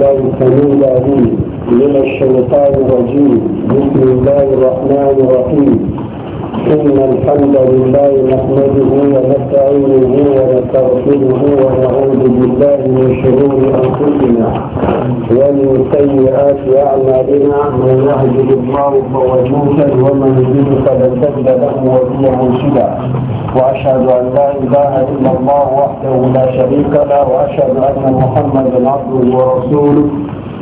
لو تميل به من الشيطان الرجيم بسم الله الرحمن الرحيم إن الحمد لله نحمده ونستعينه ونستغفره ونعوذ بالله من شرور أنفسنا ومن سيئات أعمالنا من يهده الله فهو المهتد ومن يهده فلا سد له وليا مرشدا وأشهد أن لا إله إلا الله وحده لا شريك له وأشهد أن محمدا عبده ورسوله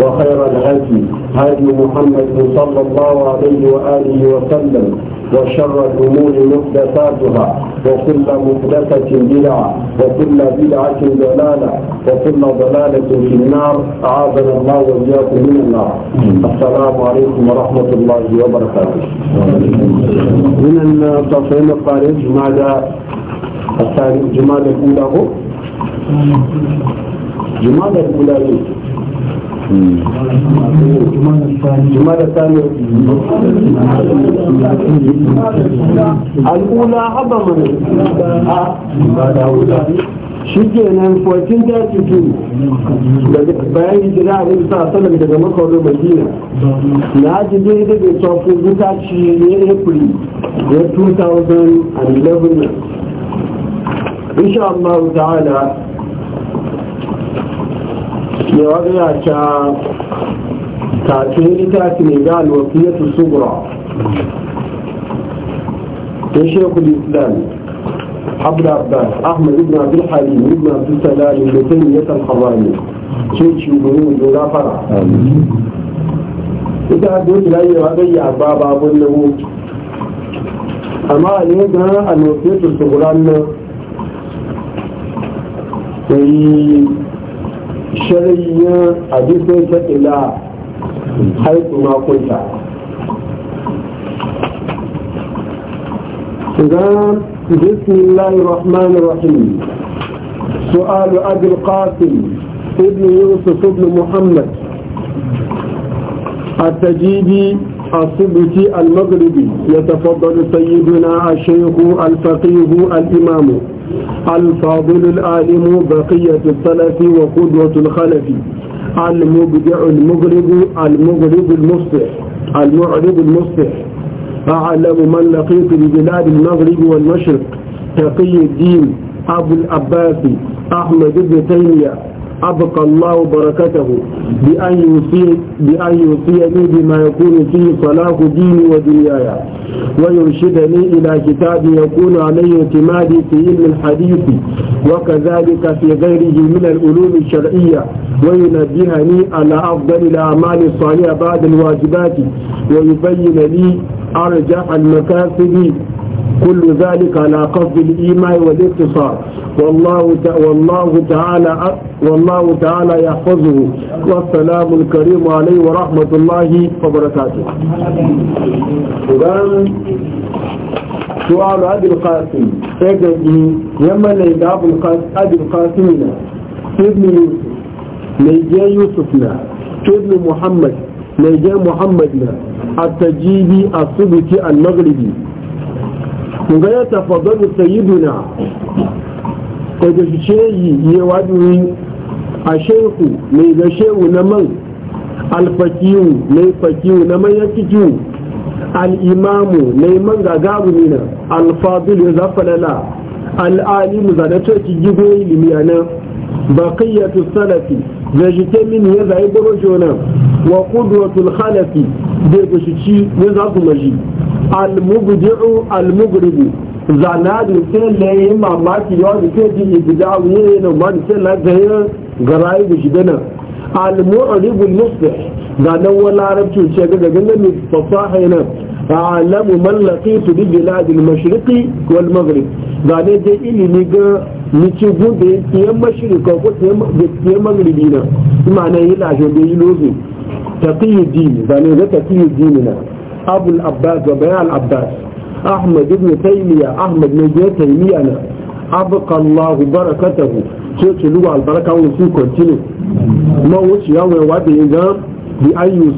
وخير الهدي هدي محمد صلى الله عليه وآله وسلم وشر الأمور محدثاتها وكل محدثة بدعة وكل بدعة ضلالة وكل ضلالة في النار أعاذنا الله وإياكم من النار السلام عليكم ورحمة الله وبركاته من التصميم الخارج ماذا الثاني جمال الأولى هو جمال الأولى al'ula haba mana shi ke nan 1432 daga bayan hijira a wani sasanar daga makarar madina na ji daidai da tafi wuta ci ne april ya 2011 insha Allah ta'ala يوضع كاتين كاتين قال وصية الصغرى شيخ الإسلام عبد عباس أحمد بن عبد الحليم بن عبد السلام بن تيمية الحراني شيخ شبهون دون فرع إذا أدوك لا يوضع بابا أبو النبوك amma ne ga alwafiyatu su guran nan sai shariyyar hadisai إلى حيث ما قلت kunta بسم الله الرحمن الرحيم سؤال أبي القاسم ابن يوسف بن محمد التجيبي الصبتي المغربي يتفضل سيدنا الشيخ الفقيه الإمام الفاضل العالم بقية السلف وقدوة الخلف المبدع المغرب المغرب المصلح المعرب المصلح أعلم من لقيت ببلاد المغرب والمشرق تقي الدين أبو العباس أحمد بن تيمية أبقى الله بركته بأن يوصي بأن يوصيني بما يكون فيه صلاح ديني ودنياي ويرشدني إلى كتاب يكون عليه اعتمادي في علم الحديث وكذلك في غيره من العلوم الشرعية وينبهني على أفضل الأعمال الصالحة بعد الواجبات ويبين لي أرجح المكاسب كل ذلك على قصد الإيمان والاقتصار والله والله تعالى والله تعالى يحفظه والسلام الكريم عليه ورحمة الله وبركاته سؤال أبي القاسم سيدنا يما ليد أبو القاسم أبي القاسم ابن يوسف يوسفنا ابن محمد ليجا محمدنا التجيبي الصبتي المغربي ga ya tafadalu sayyiduna ko da shi ce yi ya wadu a shehu mai ga shehu na man alfakiyu mai fakiyu na man ya kikiyu al'imamu mai man gagaru ne na alfadul ya zafalala al'alimu za coci gigo ilimi a nan baƙiyyatu salafi da shi ce mini ya zai baro shi wa wa halafi da ya shi ci ya za su maji almubdi'u almugribu zana da ke laye mamaki yawa da ke ji ibida a wuye na ma da ke lagayen garayi da shiga nan almu'ribul musbih zana wani larabci ce ga daga nan mai fasaha yana alamu mallaki su bi biladil mashriqi wal maghrib zane je ilimi ga nici gudu da yan mashriqa ko yan maghribi na imana yi lafiya da yi lozu taqiyuddin zane ga taqiyuddin na أبو العباس وبيع العباس أحمد بن تيمية أحمد نجية تيمية أنا أبقى الله بركته شوك لغة البركة ونسي كنتينو ما وش يوم وادي إذا بأن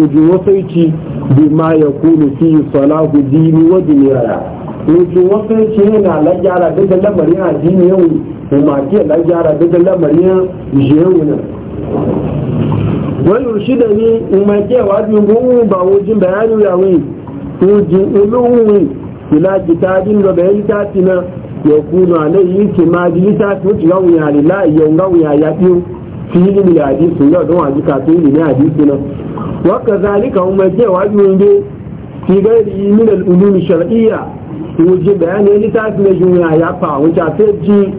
وجوه سيتي بما يكون فيه صلاة الدين ودنيا وجوه سيتي هنا لا جارة الله لمريا دين يوم وما كي لا جارة الله لمريا جيونا wani shi da ni umarke wa bi gungun ba wujin bayani ya wai wujin uluwi ila kitabin da bayan tafi na ya kuno alayhi kimadi litafi wuce ga wuya lillahi yau ga wuya ya biyu fili mil hadisi yau don waji kafin ilimin hadisi na waka zalika umarke wa bi gungun fi gairi min al-ulum shar'iyya wujin bayani litafi na juya ya fa wuce a ji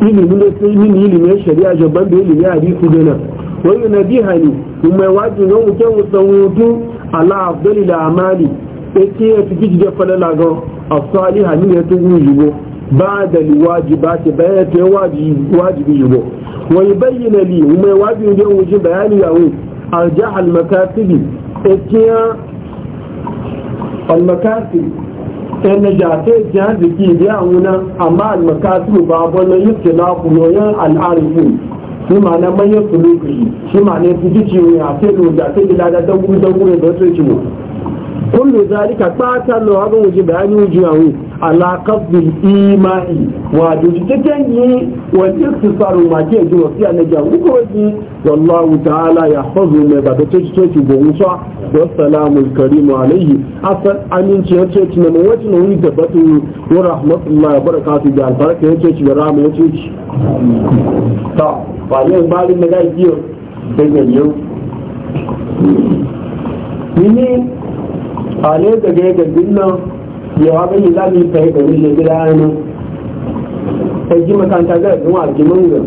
ilimin da sai min wai na bi ne kuma ya waji ga mu kyan wutan hutu ala abdul da amali yake ya fi da falala ga asali hani ya tugu yiwo ba da liwajibati bayan ta wajibi yiwo wai bayyana li kuma ya waji ga wuce bayani yawo arjah al-makasibi yake al-makasibi na jafe jihar da ke 起码呢没有不能够起码你自己机会啊，再多点，这个大家都鼓都鼓一点这个 kullu zalika bata lo abin wuji bayani wuji yawo ala qasdil imani wa dukkan yi wa iktisaru ma ke ji wasiya na jawu ko ji wallahu ta'ala ya hazu mai ba da toci toci go musa da salamu karimu alayhi asal aminci ya ce ci mu wacin wuri da batu wa ya ya ba ba ale ga ga ga dinna ya wa yi la mi fa ga wille gida ne sai ji makanta ga ga wa ji ga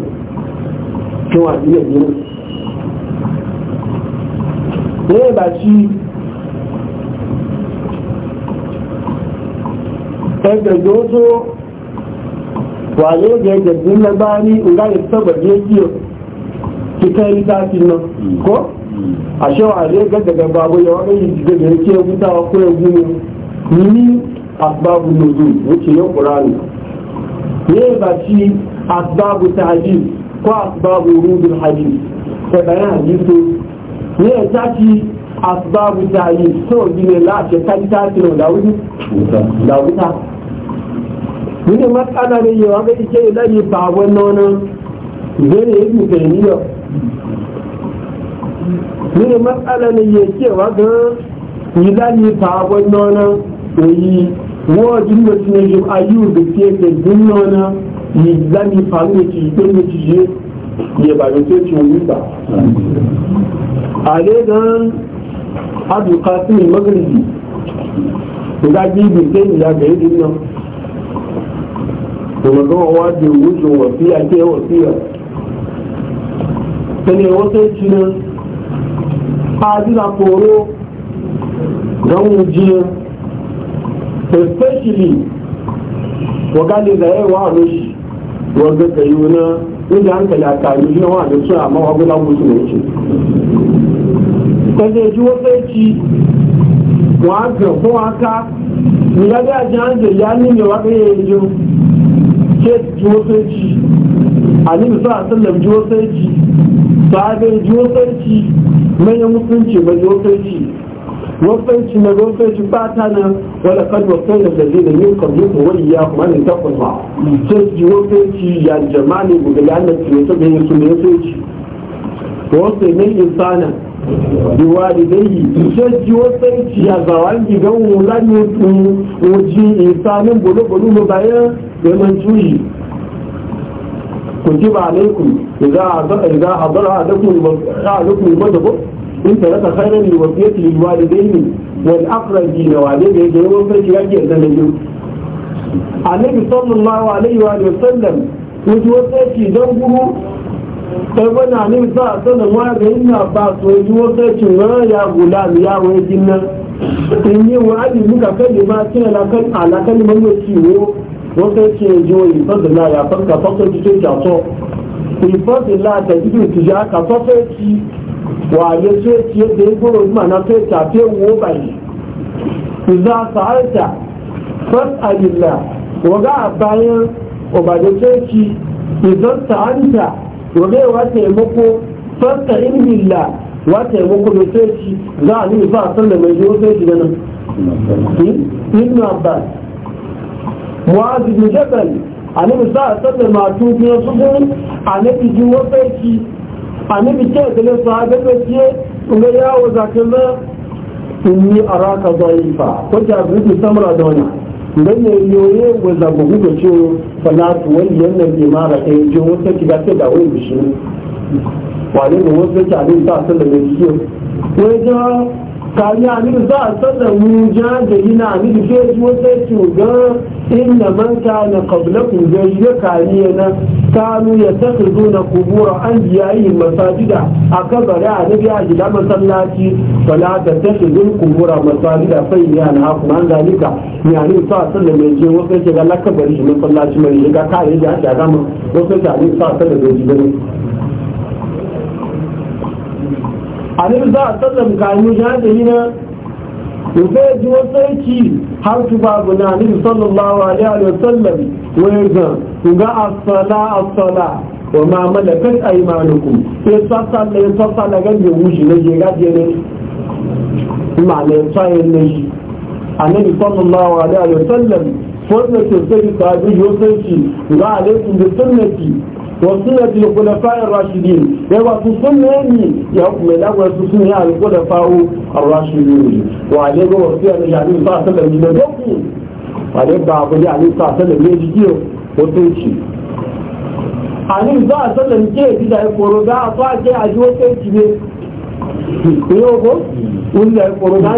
ki wa ji ne ne ba shi sai ga wa wale ga ga dinna ba ni in ga ta ba je ki kai ta nan ko a shawa ne gaggaga babu yawa mai yi da yake hutawa ko ya ni asbabu nuzul wuce ya qur'ani ne ba shi asbabu ta'jil ko asbabu urudul hadith ko bayan hadisi ne ta ci asbabu ta'jil so gine la ce kan ta tilo wuta wuta ne matsala ne yawa ga ike ilani ba wannan zai ni matsala ne ya cewa ga yi za zani fagon nona oyi wajin da suna yi ayu da ke da dun nona yi zani faru da ci ɗin da ci ya ba da ce ci wuri ba a dai don abu kasim magribi ga gibin sai ya ga yi dun nan kuma ga wajen wucin wasiya ke wasiya ta ne wasu cinan hadira tsoro don wujiya especially wagali da yawa a rushi wanda ka yi wuna inda hankali a kayi shi wa da su amma wa guda musu ne ce kaje ji wata ci wa ga ko aka ni ya ga jan da ya ni ne wa ga yayin ji ke ji wata ci annabi sa sallam jiwo ji wasarci sahabai ji wasarci manyan musulunci ba ji wasarci wasarci na wasarci ba ta nan wadda kan sai da zai da yin kan yuku wani ya kuma ne ta kuma sai ji wasarci ya jama'a ne gudu da annabi ne ta bayan su ne wasarci wasai ne insana sai jajji wasanci ya zawan gidan wula ne tun wajen insanin bulu-bulu bayan da mancuyi كتب عليكم إذا إذا حضر أحدكم أحدكم الموت in taraka khairan li wasiyati lil walidayni wal aqrabin wa ne da yake yawan farki yake da nabi annabi sallallahu alaihi wa sallam wato wasiyati dan guru kai wani annabi sa sallan wa ga inna ba so yi wasiyati wa ya gulam ya wai jinnan in yi wa ali muka kalli ma kina la kan ala kalman yake wo wọ́n fẹ́ ṣe ìjọ ìfọ́dìlá yàtọ̀ kàtọ́fẹ́ ti ṣe ìjàtọ̀ ìfọ́dìlá tẹ̀síbì ìtìjà kàtọ́fẹ́ ti wà yẹ tó ti é dé gbòòrò ìgbà náà fẹ́ tà fẹ́ wò ó báyìí ìzá sàárẹ̀tà first àdìlà wọ́gá àbáyán ọ̀bàdàn tó ti ìzá sàárẹ̀tà wọ́gá ìwà tẹ̀mọ́kọ́ first àìmìlà wà tẹ̀mọ́kọ́ ló tó ti láàrin ìfọ́ àtọ́lẹ̀mọ́ ìjọ mu'az bin jabal annabi sa sallar matu biyar su gun annabi ji wafaiki annabi ce da ne sahabe ne ce kuma yawo zakalla inni araka fa ko ta bi samra da wani dan ne yoye go za ku ce salatu wani yannan da ta yi jin wata kiga ta da wani shi wani da wasu ta ne sa sallar ne ce kami aminu za a tsada wuja da yana aminu ke ji wata yake ga inna man na kabla ku ga yi ga kami yana kanu ya saka zo na kubura an biya yi masajida a kabari a nabi a gida masallaci da ta saka zo kubura masajida sai ya na haku an zalika ya ne sa tsada mai je wata ce ga lakabari shi masallaci mai shiga kare da ake a gama wasu yake a ne sa tsada mai ji annabi za a sallam kanu jahili na rufe ji sarki har su babu na annabi sallallahu alaihi wa sallam wai ga ga as-sala wa ma malakat aymanukum sai sassa ne sassa na ganje wushi ne je gaje ne ma ne sai ne annabi sallallahu alaihi wa sallam wannan sosai ta bi yosai ga alaikum bi sunnati وسنة الخلفاء الراشدين يبقى تسمى أني يحكم الله وتسمى الخلفاء الراشدين وعليه وصية النبي صلى الله عليه وسلم من الوقت وعليه بعض النبي صلى الله عليه وسلم يجيه وتوشي عليه صلى الله عليه وسلم كيف إذا يقولوا ده أطاع كيف أجوه كيف يقولوا ده يقولوا ده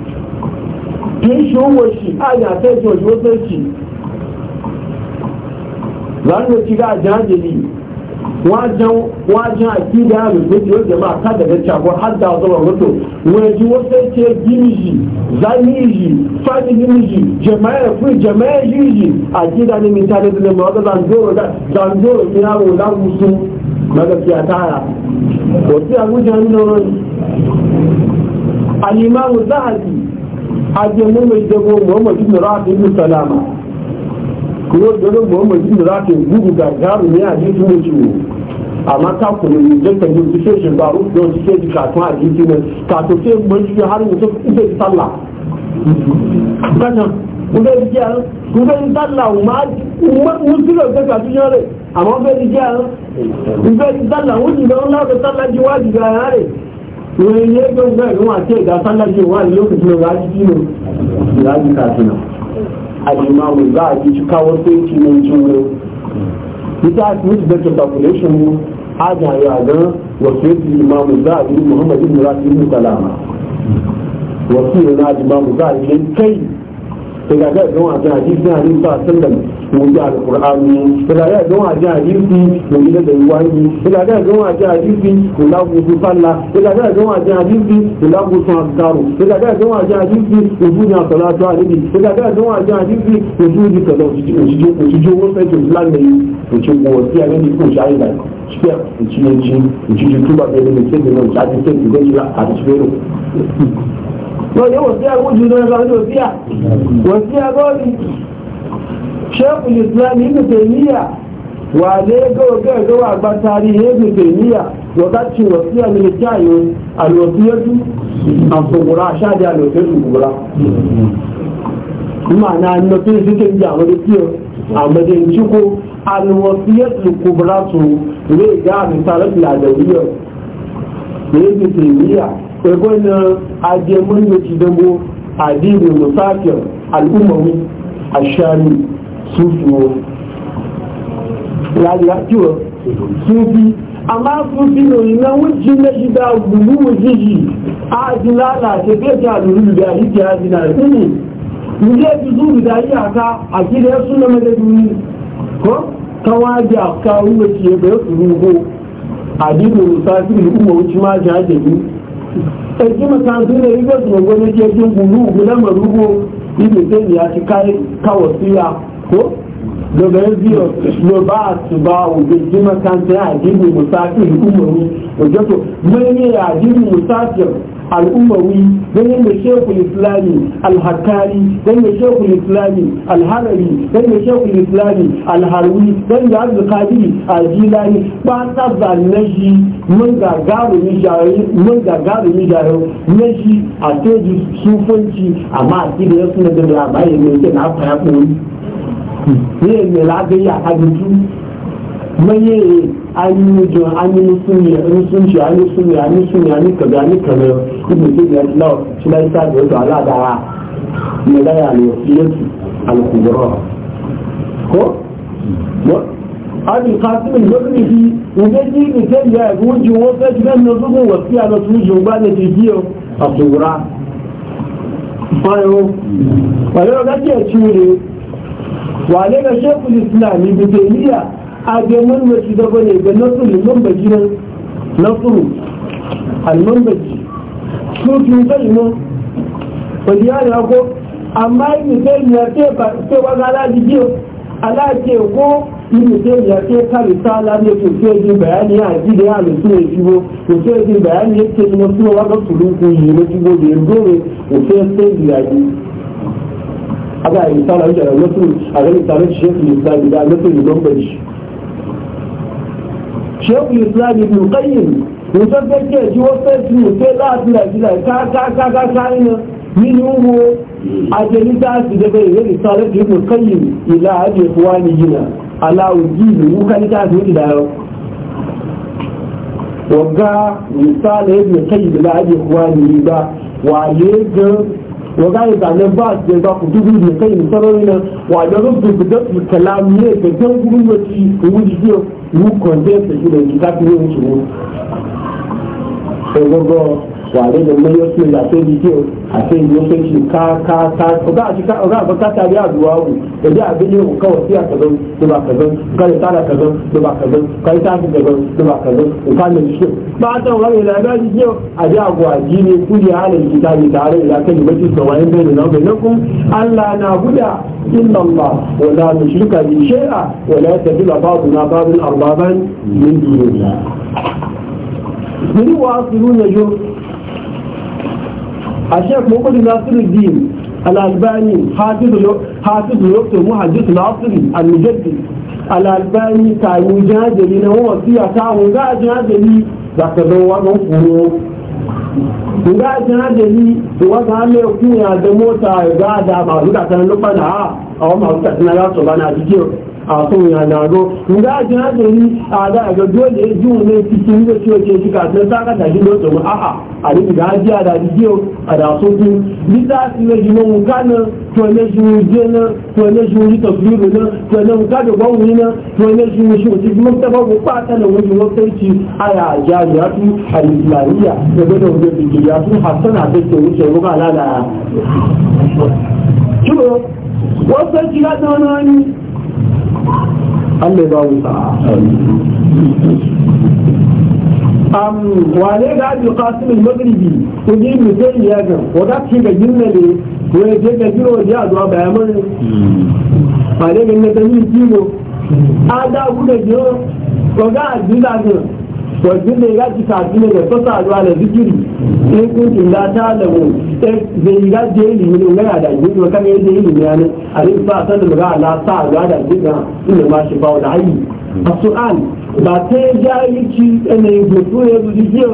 kì í ṣe owó ṣì àyà àtẹ́jọ yóò tó ṣì lánàá ti rí àjá àjèlì wọ́n á jẹ́ àkíndé àrùn tí ó jẹ́ máa kádàgbé ṣàbọ̀ àdá ọ̀dọ́rọ̀ rọ́tò wọ́n ẹjú wọ́n fẹ́ ṣe gíní yìí zani yìí fáìlì gíní yìí jẹ̀mẹ́ ẹ̀fún jẹ̀mẹ́ yìí yìí àkíndé ní mi tálẹ́ sílẹ̀ mọ́ ọ́dọ́ zandoro ní àrùn láwùsù lọ́gàfíà táyà kò sí àwùjọ ń lọ́rọ́ yìí. àlìmáwò záàdì ajiyar mai jago muhammad ibn rafi ibn salama kuma jago muhammad ibn rafi gudu ga garu ne a jikin mai ciwo amma ta kuma yi janta ne su ce shin baro da wasu ke jikatun a jikin mai kato ce mai cikin har yanzu ita yi sallah kanan kuma yi jiya kuma yi sallah ma musulun ta kasu yare amma bai yi jiya kuma yi sallah wajen da wani lafi wurin ne don gani wa ce ga sallaci wa lokacin da zaji kino zaji kafina al'imamu za a ji cika wasu yanki mai cimro ita smith da ta calculation mu aja ya ga wasu yanki imamu za a ji muhammadu ibn rafi ibn salama wasu yana imamu za a ji kai daga ga don a jin hadisi na hadisi a sallam mu ji alqur'ani daga ga don a jin hadisi mu ji da wani daga ga don a jin hadisi mu la ku su salla daga ga don a jin hadisi mu la ku su azkaru daga ga don a jin hadisi mu ji na salatu alibi daga ga don a jin hadisi mu ji kaza mu ji mu ji mu sai islam ne mu ci ko sai ne ku shayi da shi ya ci ne ci ci tuba da ne sai da mu ci sai ku ga to yi wasiya gudu na zaune wasiya wasiya gori shekul islam ibn taymiya wa ne ga ga ga wa tarihi ibn taymiya wakati wasiya ne tayo al wasiyatu an kubura sha da lokacin kubura kuma na nufin suke ji a wani kiyo a madin ciko al wasiyatu su ne ga misalat ne ibn taymiya يقولنا أجمل نتدمو عديد المسافر الأموي الشامي سوفي يعني يأتيه سوفي amma sun fi na wujin na gida gulu wujiji a ji lalace bai ta lulu da yi ta yi na sini ne ya fi zuru da yi aka a gida ya suna madaduni ko kawa da kawo wace ya bai su rugo a dino musafir ma jihar da ẹ̀jẹ̀ mọ̀tàǹtì rẹ̀ rí bẹ́ẹ̀ sọ̀rọ̀ ní ẹjẹ́ tó wùlú ògùn lẹ́mọ̀lúgbò ibi tẹ́ ìyá ti kárí káwọ̀ sí ya kó lọ́bẹ̀ẹ́ bí ọ̀ ló bá àtùbà òjò ẹ̀jẹ̀ mọ̀tàǹtì àdínú mùsáàkì ìkúmọ̀rún òjò tó mẹ́rin àdínú mùsáàkì al'umawi ganin da shekul islami alhakari don da shekul islami alharari don da shekul islami alharwi don da arzikari a aljilani ba ta na shi mun gagarumi jayo mun gagarumi jayo na shi a teji sufanci amma a da ya suna da labari mai ke na faya kuma ne mai labari a hajjiju mai an yi jin an yi musulmi an sunci an yi sunni an yi sunni an yi kaza an yi kaza ibn sunni an lawa shi na isa da wato ala da ne da ya ne yake al-kubra ko abi qasim yurmihi ubeji ni ke ya ruju wo ka ji nan zugo wasi ala tuju ba ne ti biyo asura bayo wale ga ke ciure wale ga shekul islam ibn taymiya ademan mace da bane ga nasuru mambaji nan nasuru almambaji su cuta imo wani ya ne ko amma yi misali ya ce ba ce wa ga alaji biyu alaje ko yi misali ya ce ka risala ne to ce jin bayani ya ji da ya lusu ne shigo to ce jin bayani ya ce na suna wa ga suluku yi na shigo da yanzu ne to ce sai ya ji aga yi misali a wajen nasuru a ga misali shi ya fi misali da nasuru mambaji ṣéèkù islam ibi òkèyìn nǹkan pé kí ẹ̀jú wọ́n fẹ́ sí òkè láti nàìjíríà kákákákáká yẹn nínú wo ajẹ́nítà sì dẹ́gbẹ́ ìwé ìsọ̀rọ̀ tí kò kẹ́yìn ìlà àjẹ́ ìfowá ní jìnà aláwọ̀ jí ìlú kánítà sí ó ti dáyọ. wọ́n gá ìsọ̀rọ̀ ìwé ìsọ̀rọ̀ ìlà àjẹ́ ìfowá ní ìgbà wà lé gan وقال إذا نبات جزاك تقول لي كي نصرنا وعجرب بدأت الكلام ليه بدأت كل وشي وجيه وكونتين تجيب الكتاب يوم شهور. wàlẹ́ ní ọmọ yóò tún ìlà tóbi tí o a ìlú tó ti ká ká ká ọgá àti ká ọgá àbọ̀ káta bí àdúrà wù ẹbí àbílẹ̀ òkú káwọ̀ sí àkàzọ́n ló bá kàzọ́n káyọ̀ tá àkàzọ́n ló bá kàzọ́n káyọ̀ tá àkàzọ́n ló ta kàzọ́n da àmì ìṣó. bá a tán wàlẹ́ ìlà ẹgbẹ́ jíjẹ́ àbí àgọ́ àjí ni kúrì àlẹ́ ìjìká ni tààrẹ ìlà kẹ́yìn bó ti bai wáyé bẹ́ẹ̀ náà bẹ̀rẹ̀ kún alá náà búdà إلا الله ولا نشرك به شيئا ولا تدل بعضنا بعضا أربابا من دون الله. من واصلون يجوز a shek muhammadu nasiruddin al-albani hafizu lokacin muhajjisu nasiru al-mujaddi al-albani kayu jihadari na wasiya ta mun ga jihadari da ka zo wajen kuro mun ga jihadari da hannun kunya da mota ga da ba zuka sanar lupa àwọn máa ń tàbí náà látọ̀ bá náà dídíò àfún ìrìnàjò ǹgá àti láti rí àdá àjọjọ́ lè jùun lè fi ti ń lè tí ó ṣe ṣíkà tí ó sákàtà sí lóòtọ́ mọ́ àhà àríkìdá jẹ́ àdàdíjẹ́ àdàsókú nígbà tí lè jùlọ ń ká náà tó ẹlẹ́ṣin jẹ́ náà tó ẹlẹ́ṣin orí tọ̀sílù náà tó ẹlẹ́ṣin kádùgbọ́ wù náà tó ẹlẹ́ṣin oṣù tí wọ́n tẹ́ bọ́ pa tẹ́lẹ̀ wọ́n ti wọ́n fẹ́ ti ara àjà ìyàtú àìsìláríyà ẹgbẹ́dọ̀ òjò ìjìyà fún hasan àti ìṣòro ṣòro kà lálàá. wasu sarki ya ta wani wani Allah ba mu am wale ga Abdul Qasim al-Maghribi kuje mu sai ya ga wada ce ga jinna ne ko ya ce ga jiro ya zuwa bayan mun wale ga ne da ni kilo ada ku da jiro ko ga Abdul Qasim wajen da ya gaji kafi ne da fasa zuwa da zikiri sai kuncin da ta da da ya gaji ya ne yana da ilimi ne kan yadda ilimi ya ne a rin fa san da ga sa zuwa da zikira inda ma shi bawa da ayi a su'an ba ta ya ja yi ci ne gutu ya zuci jiya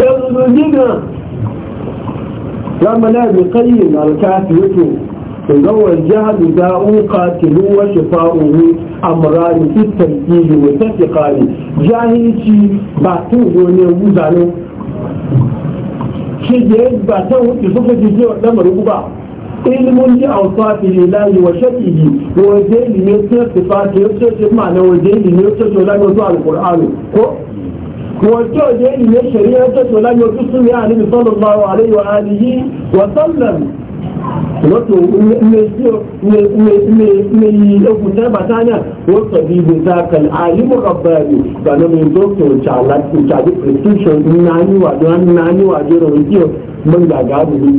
ya zuci jiya ramana bi qayyim al-kafiyatu وهو الجهل داء قاتل وشفاؤه أمران في التنكيل والتفقان جاهل شيء باتوه ونوزانه shi da ya ba ta wuce suka ji cewa dan ruba ilmun ji awsafi lillahi wa shaqihi wa dai ne ta sifati ya ce ce ma na wa dai ne ta to la to ko wa to dai shari'a ta to la to sunna annabi sallallahu alaihi wa alihi wa sallam lọ́tọ̀ ilé ẹkùn tẹ́bà sáyà wọ́n tọ̀bí ibi zákàlì àyíwọ̀ ọ̀bẹ̀rẹ̀ gbàdọ̀ mi dókítà ìṣàdé prescription náníwájú rẹ̀ da mọ́gbàgá àbúrú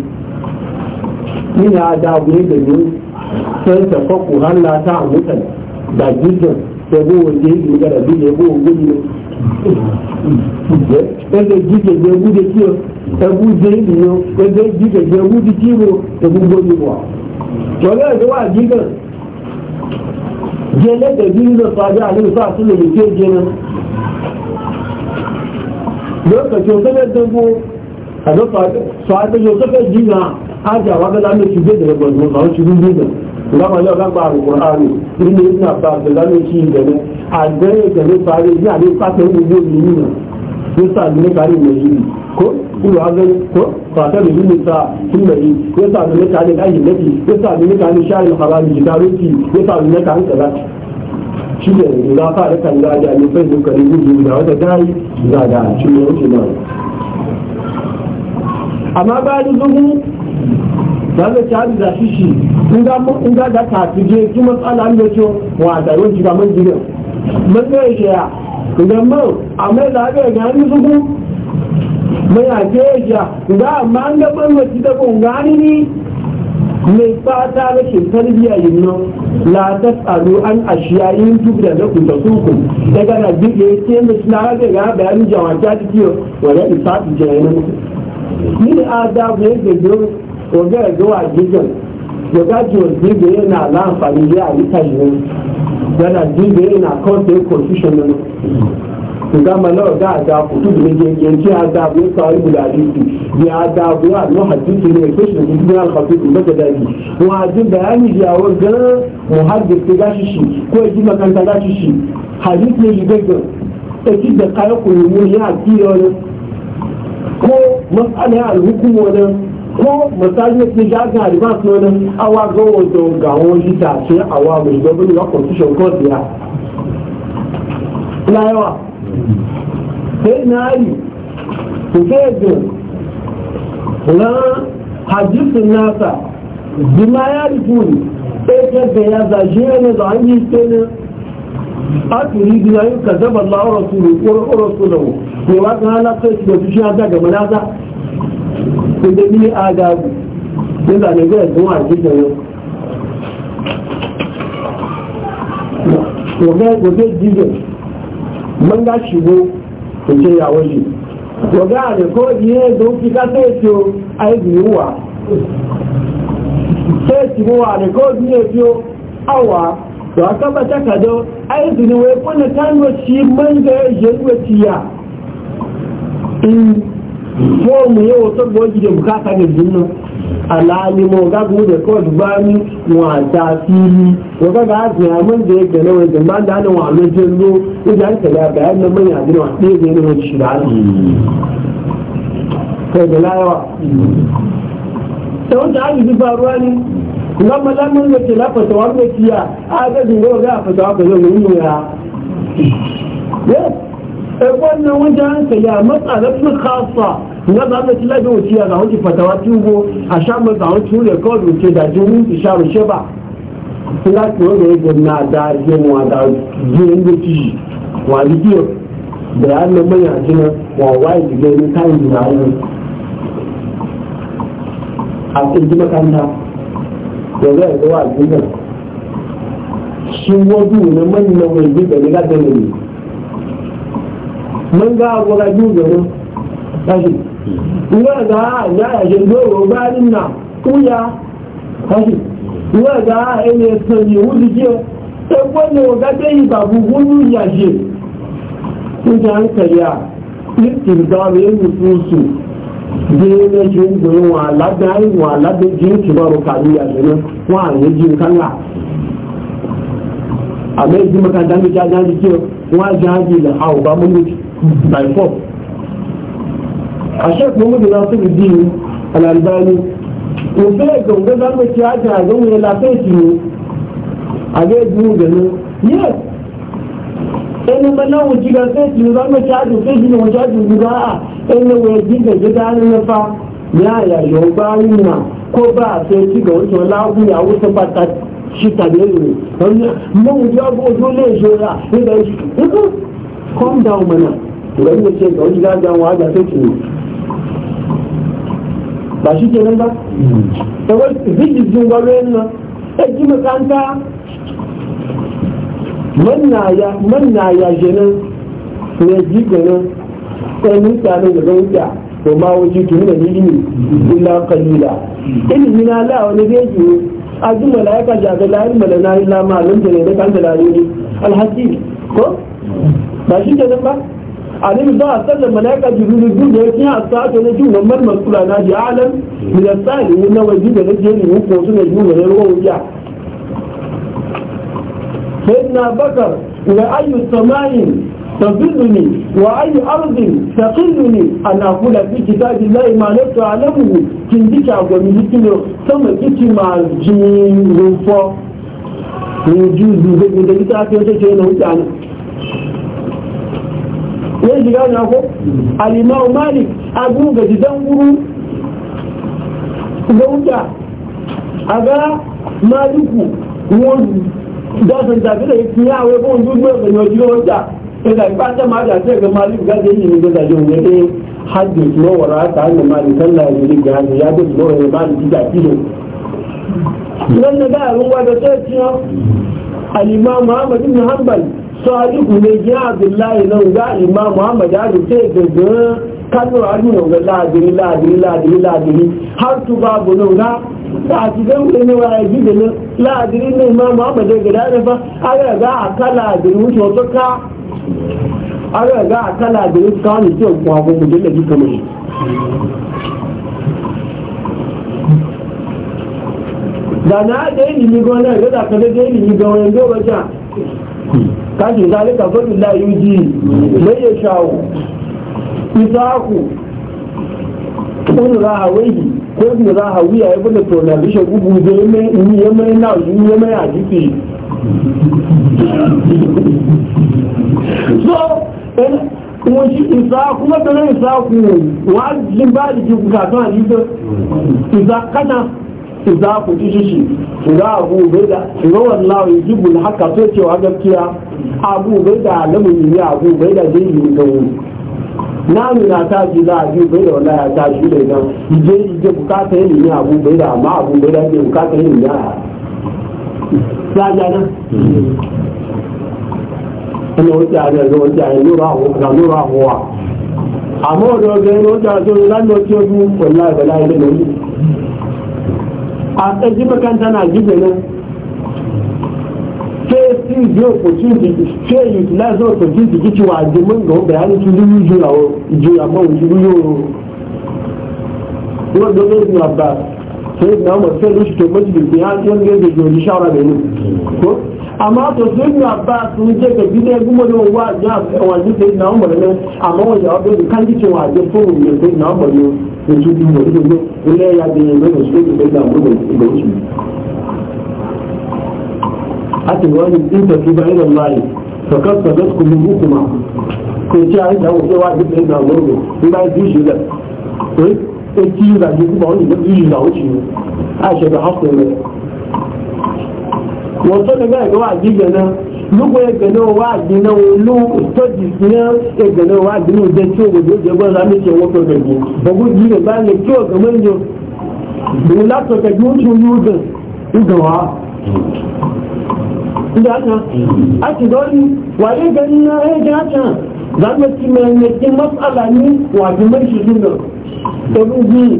nínú adáwọ̀ ẹgbẹ̀rún sẹ́ńtẹ̀ fọ́kù hàn látà àmúkàn dàgídàn ẹgbẹ́ òde ìgbàlá bí ẹgbẹ́ ògbó ni o ẹgbẹ́ jíjẹ jẹ ẹgbú de kí o ẹgbú de ìlú ẹgbẹ́ jíjẹ jẹ ẹgbú de kí o ẹgbú gbó ni wà. tọ́lá ẹ̀dọ́ wà jí kan jẹ lẹ́gbẹ̀ẹ́ bí nínú ìpàdé àlejò fún àtúnlẹ̀ lè tí ó jẹ náà. lọ́kàtí o fẹ́lẹ́ dẹ́gbó àdọ́fà sọ àgbẹ̀yẹ o fẹ́fẹ́ jí náà á jẹ àwọn abẹ́lá mi ti gbé gama yau zan ba a ƙwararru irin da suna ba da da ne a gane da ne fare yana da fatan yin yau yi nuna yasa ne kare mai yi ko ilu hazan ko fata da yin nisa sun mai yi yasa ne kare ɗayin nafi yasa ne kare shayin harami jikaroki yasa ne kare tsara shi ne za fa da zai ci da shi shi in ga da ka tuje ki matsala an da ciwo wa da ruwan shiga man gidan man zai shi ya man a mai da haka ga su ku mai a ke ya ga amma an ga ban wacce da kun gani ni mai fata rashin tarbiyya yin nan la tasalu an ashiya yin tubi da zaku da suku daga na biye sai da suna ga bayanin jawaka ta kiyo wala isatu jayanin ni da adabu yake dole ọgá ẹ̀dọ́ àjíjàn ọgá jù òdìgbé yẹn náà láǹfààní ilé àyíká yìí gbọ́dọ̀ àjíjẹ yẹn náà kọ́ńté constitution nínú ọgá mọ̀lá ọgá àdá kùtù gbèjèjì tí a dá àbúrò sọ àwọn ìbùdó àdìsí ni a dá àbúrò àdúrà àdìsí ní ẹgbẹ́ ìṣẹ̀lẹ̀ ìdílé àlùfàtì ìgbẹ́kẹ̀dá yìí wọn àti bẹ̀rẹ̀ ìyàwó gan-an muhammed tẹ́gá ṣíṣì kó èjì mọ̀kàntà gá ṣíṣì àdìsí ní ìgbẹ́ gan èjì bẹ̀káyọ̀kùnrin mú ní àti ìrọ̀lẹ́ kó mọ́sálẹ̀ àlùkù wọn náà ko misali ya fi jaga a riba su wani awa gawo da shi ta ce awa mai gwamnati ya constitution court ya na yawa sai na na hajjisun nasa bima ya rufu ne ya zaje ne da an yi sai yi ka zaba la'ura su ne ƙorar ƙorar su wa gbogbo ní àgàgù nígbà nígbà ẹ̀dùn àjíjọ wọ̀gẹ́ jíjọ mọ́ngá ṣìgbó ìṣe ìyàwó ṣì wọ̀gá àrẹ̀kọ́ ìyẹ́ ẹ̀dùn fi kásẹ̀ ètò àìgbìyàn wà sai mu da da da da in ko mu yau wasu gwaji da bukata ga jinnu alali mo ga gu da kod bani wa ta fili wa ga ga ji amin ma da nan wa ne jinnu idan ka ya bayan anyị ya ji wa dai ne shi da ni kai da lawa sau da an yi faruwa ne kuma a ga jinnu ya wannan wajen hankali a matsalar su kasa na za ta ci lafi wuce a zawon fatawa tubo a sha mu zawon ki wuri kawai wuce da jini ki sha rushe ba ina ki wanda ya gina da jemuwa da jini da ci wa bidiyo da ya nan manya jina wa waye ki gani kayan jina wani a ƙirji makanta da zai zuwa jina shi wadu na manyan wani da ya gada ne man ga wala ju garo kashi uwa ga ya ya je do ba nin na kuya kashi uwa ga ene so ni wudi je e gbono ga de iba bubu nu ya je kuja an kariya istirdawi nususu je ne je gbo wa la da wa la ya wa ji kan by force a shek mahmudu nasiru biyu al'albani in bẹ́ẹ̀ gbọ̀ngàn bá gbé tí a jẹ́ àgbọ̀n yẹn láfẹ́ ìtìyẹ àgbẹ̀ ìdúró gẹ̀lú yẹ ẹni mẹ́lá wọn jí gan fẹ́ẹ̀ tìyẹ bá gbé tí a jù fẹ́ẹ̀ jìnnà wọn jáde gbùgbà á ẹni wọn jí gẹ̀gẹ́ dá ní mẹ́fà ní àyà yọ gbá nínà kó bá àfẹ́ tí gàn sọ láwùn ìyàwó tó pàtàkì sí tàbí èrè mọ́wùn jẹ́ ọgbọ́n ojú ó lè ṣe rà nígbà yìí calm down mọ́nà. to da ce ga wani gajan wa da take ba shi ke nan ba ta wai zigizin gwamnati nan ta ji makanta na ya jenan ne ji ganin sai mutanen da zan wuta ko ma waje tun da ni ne illa kalila ilimi na la wani zai ji a ji malaika jaga la ilma lana illa ma lam da ne da kan da ne alhasib ko ba shi ke nan ba annabi za a sallar malaika jibrilu duk da yake a sa'ata na jin wannan masula na ji alam min as-sali na da nake ni ko suna ji da ruwa wuya sayyidina bakar la ayu samain تظلني وأي أرض تقلني أن أقول في كتاب الله ما لا تعلمه كندك أقول لكنه ثم كتي مع الجين رفا da بذلك أكيد شيء نوتي عنه ya ji gane malik abu ga jidan wuru ga wuta a ga maliku wani dasan tafi da ya fi yawon ko wani duk wani yau jiran wuta ina ibata ma da ga maliku ga zai yi ne da zaje wani ɗaya hajji kuma wara ta hanyar malikan na yi ga hannu ya gudu zuwa ya maliki da kilo nan da ga yaron da sai ciyo alimawu muhammadu ibn sadiku ne ya abdullahi nan ga imam muhammad ya rufe daga kano adu nan ga ladiri ladiri ladiri har tu babu ga a wani wa ya ji da nan ladiri ne imam muhammad ya gada da ba aga ga a ka ladiri wuce wasu ka aga ga a ka ladiri wuce da ni gona ga da ka da yi kashi zalika fadin la yuji mai ya shawo isaku kun rahawai ko bi rahawi ya ibn tonalisha na je ni na yu so en wọ́n ṣe ìsáàkú mọ́tọ́lẹ́ ìsáàkú wọ́n á jí báyìí jù kàtọ́ za ku ci shi su ga abu bai da su ga wallawa ya jibu na haka so gaskiya abu bai da alamun yi abu bai da yi gawo na ta ji za a biyu bai da wallahi ya tashi da idan ije ije bukata yin yi abu bai da amma abu bai da ke bukata yin yi a ya a wuce a yanzu a a ƙarfi makanta na gizo nan sai sun je opportunity sai utilize opportunity kici wa jimin ga bayanin su dubu jura o jura ma wuce dubu yoro wanda zai zuwa ba sai na umar sai rushe to majibin ya yanzu yanzu shawara da yi ko amma to sun na ba su je ga gida ya na umar ne amma wa ya wajen kan cewa so ne sai na umar ne da su biyu ne ne ne ya da ne ne su ne da mu da su hatta wani in ta tuba ila Allah to kan sabat kullukum ko ci ai da wa wa da da mu ne ba ji shi da da ji wani da ji da wuce shi da hakuri wọ́n tó lọ́gbà ẹ̀gbọ́n wà jí gẹ̀nà lúgbọ́ ẹgbẹ̀nà wà jìnà olú wà tí gbogbo jẹ wọ́n jí gẹ̀gbà lè kí ọ̀gbọ̀n mọ́ ìyọ ìwò látọ̀tẹ̀ bí ó tún yú gẹ̀ wà náà ẹ̀jẹ̀ tí mẹ́rin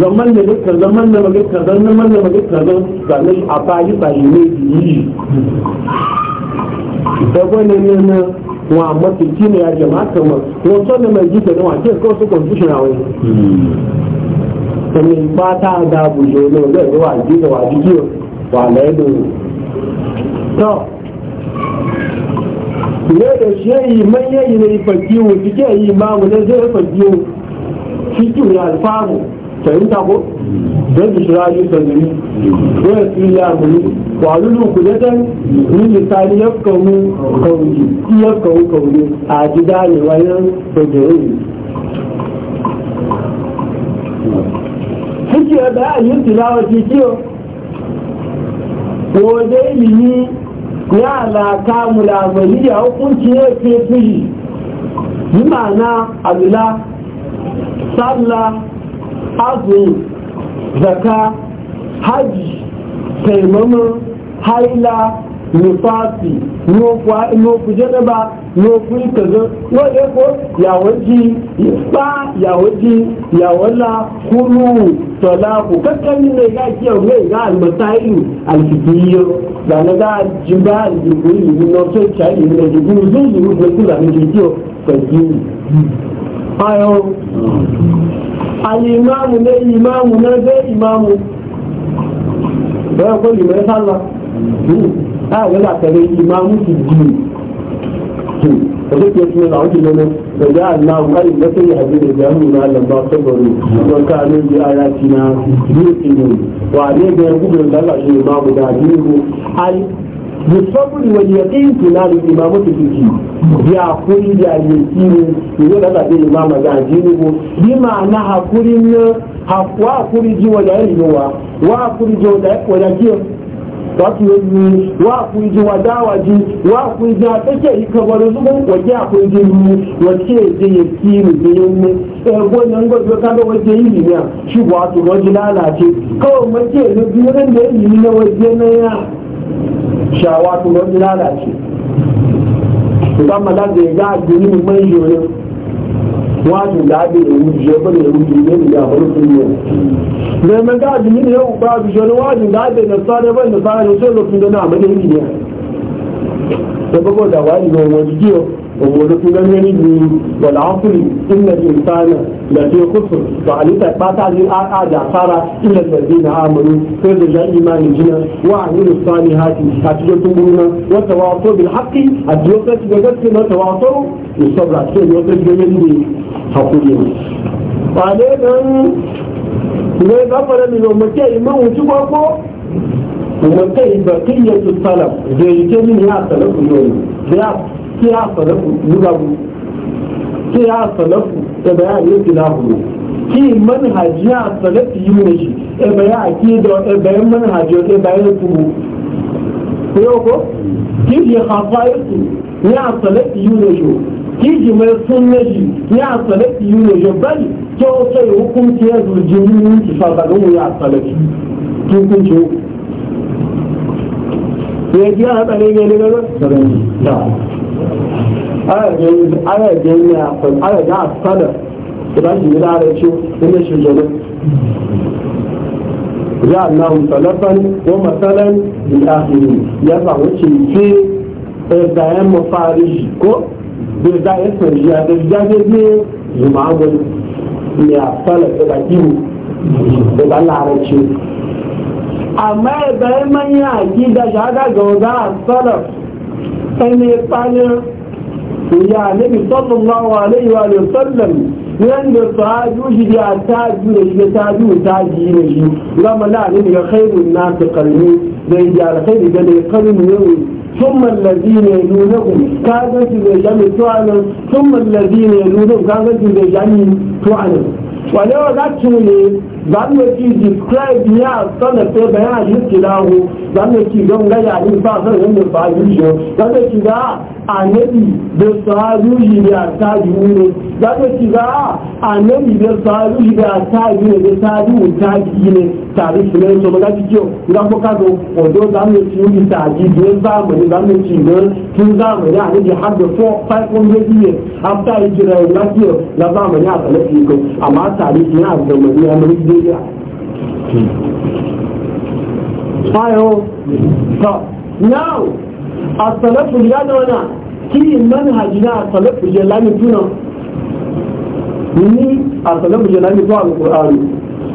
zaman da duk kazan man da magid kazan nan man da magid kazan sannan a bayi bayi ne yi da wani ne na wa matuki ne ya jama'a ma wasu ne mai jita na wace ko su constitution a wani sannan ba ta da buje ne da ruwa jita wa jiki wa na yadda to ne da shi yi man yayi ne fakiyo shi ke yi mamu ne zai fakiyo shi ke alfamu fahimta ko don su shira yi sanani ko ya fi ya mulu walulu ku da dan ni misali ya kawo kauli ya kawo kauli a gida ne wayan da gari ya da a yi tilawa ce kiyo, ko dai yi ya alaka mulamani ya hukunci ya fi fi yi ma'ana alula, sallah azumi zaka hajji taimama haila nufasi nufu janaba nufu kaza wadda ko yawaji ba yawaji yawala kuru talaku kakkani ne ga kiyar ne ga almasayin alfikiyar da na ga jiba aljiburi ne na so cari ne jiburi zai yi rufe kula ne jibiyar kwanjiri ayo al'imamu na imamu na zai imamu bayan ko limai sallah a yana tare imamu su biyu da suke suna da wakil nan da ja Allah kai da sai ya da jamu na Allah ba sabaru don ka بالصبر واليقين تنال الإمامة فيه يا كل يا يقين يقول هذا الإمام جانجينه بمعنى هكولين هكوا كولي جوا جايلوا وهكولي جوا جايلوا جايلوا wasu yanzu wa kun ji wa dawaji wa kun ji a tsake zuwa zubin waje a kun ji ni wace je ya kiri da yin ne ego nan gwazo ka ga waje yi ne shi wato waje lalace kawai mace ne biyu nan da yi ne waje na ya shawa to wani lalace musamman da zai ga gini mai yoyo wajen da abin da wuce ya bane ya ne da faru sun yi ne mai ga gini ne yau ba su Ne wajen da abin da tsare bai da tsare da sai lokacin da na amfani ne da bago da wani ga wani jiyo ومولوكي من يلي والعصر إن الإنسان لفي خسر فعليك ما تعزي الأعدى عصارة إلا الذين آمنوا فإذا جاء إيمان الجنة وعملوا الصالحات أتجو تمرنا وتواصوا بالحق أتجو تجدت ما تواصوا يصبر أتجو تجدت يلي حقولين وعليكم ne gafara min من iman wuce kwakwo umarce ibakiyyatul salaf da yake min ya salafu yau kí á sọ̀lẹ́kù lúgbàgbù kí á sọ̀lẹ́kù ẹ̀bẹ̀ yà yóò fi láàbù lò kí mẹ́nìhàjì yà sọ̀lẹ́kù yìí mú èyí ẹ̀bẹ̀ yà kí dọ̀ ẹ̀bẹ̀ yà mẹ́nìhàjì ọ̀tẹ̀ ẹ̀bẹ̀ yà kú mu. Yóò kó kí ìdí xafa ètò yà sọ̀lẹ́kù yìí mú èyí o kí ne mẹ́ sún méjì yà sọ̀lẹ́kù yìí mú èyí o bẹ́ẹ̀ni kí ó ne ìhókùn tí ẹ̀ lù jẹ́ mímú ìfàgbàgbọ́ yà sọ̀lẹ́kù kí ó kún jù ó. Yẹ kí á ara gani ya fan ara da shi da inda shi ya Allah masalan bi akhirin ya ko da za ya san ya da ne zuma da kiwo da bayan ga wa salaf sai ne يا نبي صلى الله عليه وآله وسلم لأن الصحابي وجد يحتاج إلى يحتاج يحتاج إلى لما لا نبي خير الناس قرني ذي على خير بني قرن يوم ثم الذين يلونهم كانت في جميع تعلم ثم الذين يلونهم كانت في جميع تعلم ولو ذاتوني zan da ki describe ya sanar sai bayan a yi tilahu zan da ki don gaya in ba zan da ba yi shi zan da annabi da sahabi da sahabi ne za ka ci za annabi da sahabi da sahabi ne da sahabi da sahabi ne tare su ne so ba ka ci kyau ga ko ka zo odo za mu ci ni sahabi don zamani za mu ci don tun zamani a nake har da 4 500 years after yi na ki na zamani a salafi ko amma tare su yana da mai ya mai dai ayo so now السلف اليد kí manhaj náà salafu jẹ láyé dúnà ní àsalafu jẹ láyé tó àwọn kùránù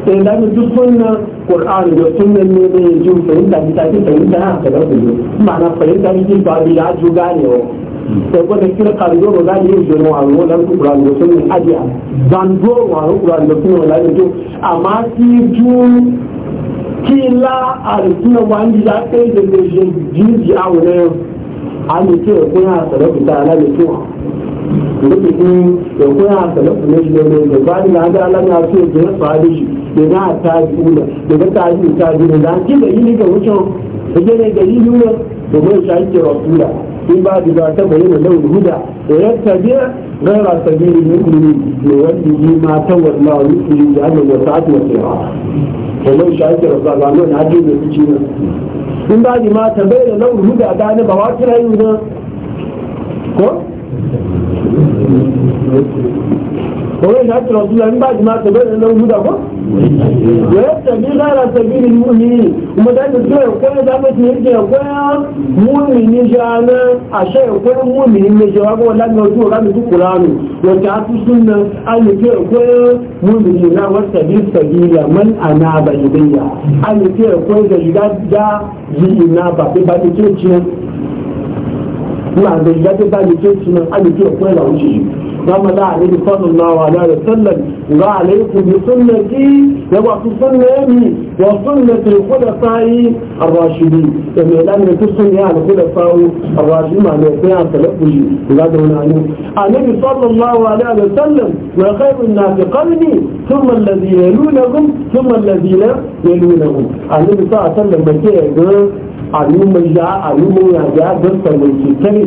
sai láyé tó sunna kùránù da sunna ne ne ya ji fahimta ta ce fahimta na salafu jẹ ma'ana fahimta ne jin babu ya ju ganewa sai gwada kira kariyo ba za a yi jini wa ruwa lan kukura da sunna adiya zan zo wa láyé alùpùpù ẹ̀kún àtọ̀lọ́ kìtà alálùpù wọn lókè ní ẹ̀kún àtọ̀lọ́ kìlẹ̀ṣì lọ́wọ́ ìjọba nílá ń dára lábẹ́ àti ètò ẹ̀fọ́ àdéṣì da àtàjù wúlẹ̀ lẹ́nà àtàjù ìtàjù nílá ń kíkẹ́ yìí nígbà wọ́n tán ẹgbẹ́ nígbà yìí wúlẹ̀ lọ́wọ́ ìṣàjẹ́ ọ̀túnlá nígbà àdìgbà àtẹ́gbẹ̀yìn lọ́wọ́ ìhúdà yi tàbí غير سبيل المؤمنين نوله ما تولى ويؤمن بأنه وسعته وسعه walau shahidar rasu ba nuna hajji mai kuci nan in ba ji ma tambayi da nan ruda gane ba wa kira yi nan ko kowai na kira su lari ba jima ta bai lalau huda ko ya yi tabi zara ta biyu muni kuma da ta zuwa kwaya za mu tuni ke kwaya muni ne shi ana a sha ya kwaya muni ne shi wako wanda ne wasu wakami su kura ne ya ta su sun nan an yi ke kwaya muni ne na wasu tabi tabi ya man ana ba bai ya an yi ke kwaya da yi da yi na ba ba ta ke ciye ma da yi da ta ba ta ke an yi لما دعا عليه صلى الله عليه وسلم وقال عليكم بسنتي يبقى سنة وسنة الخلفاء الراشدين يعني الآن تسنة يعني الخلفاء الراشدين مع نفسها تلفج بلاد هنا النبي صلى الله عليه وسلم وخير الناس قلبي ثم الذي يلونهم ثم الذين يلونهم النبي صلى الله عليه وسلم بكيه قال علوم الجاء علوم يا جاء درس المنشي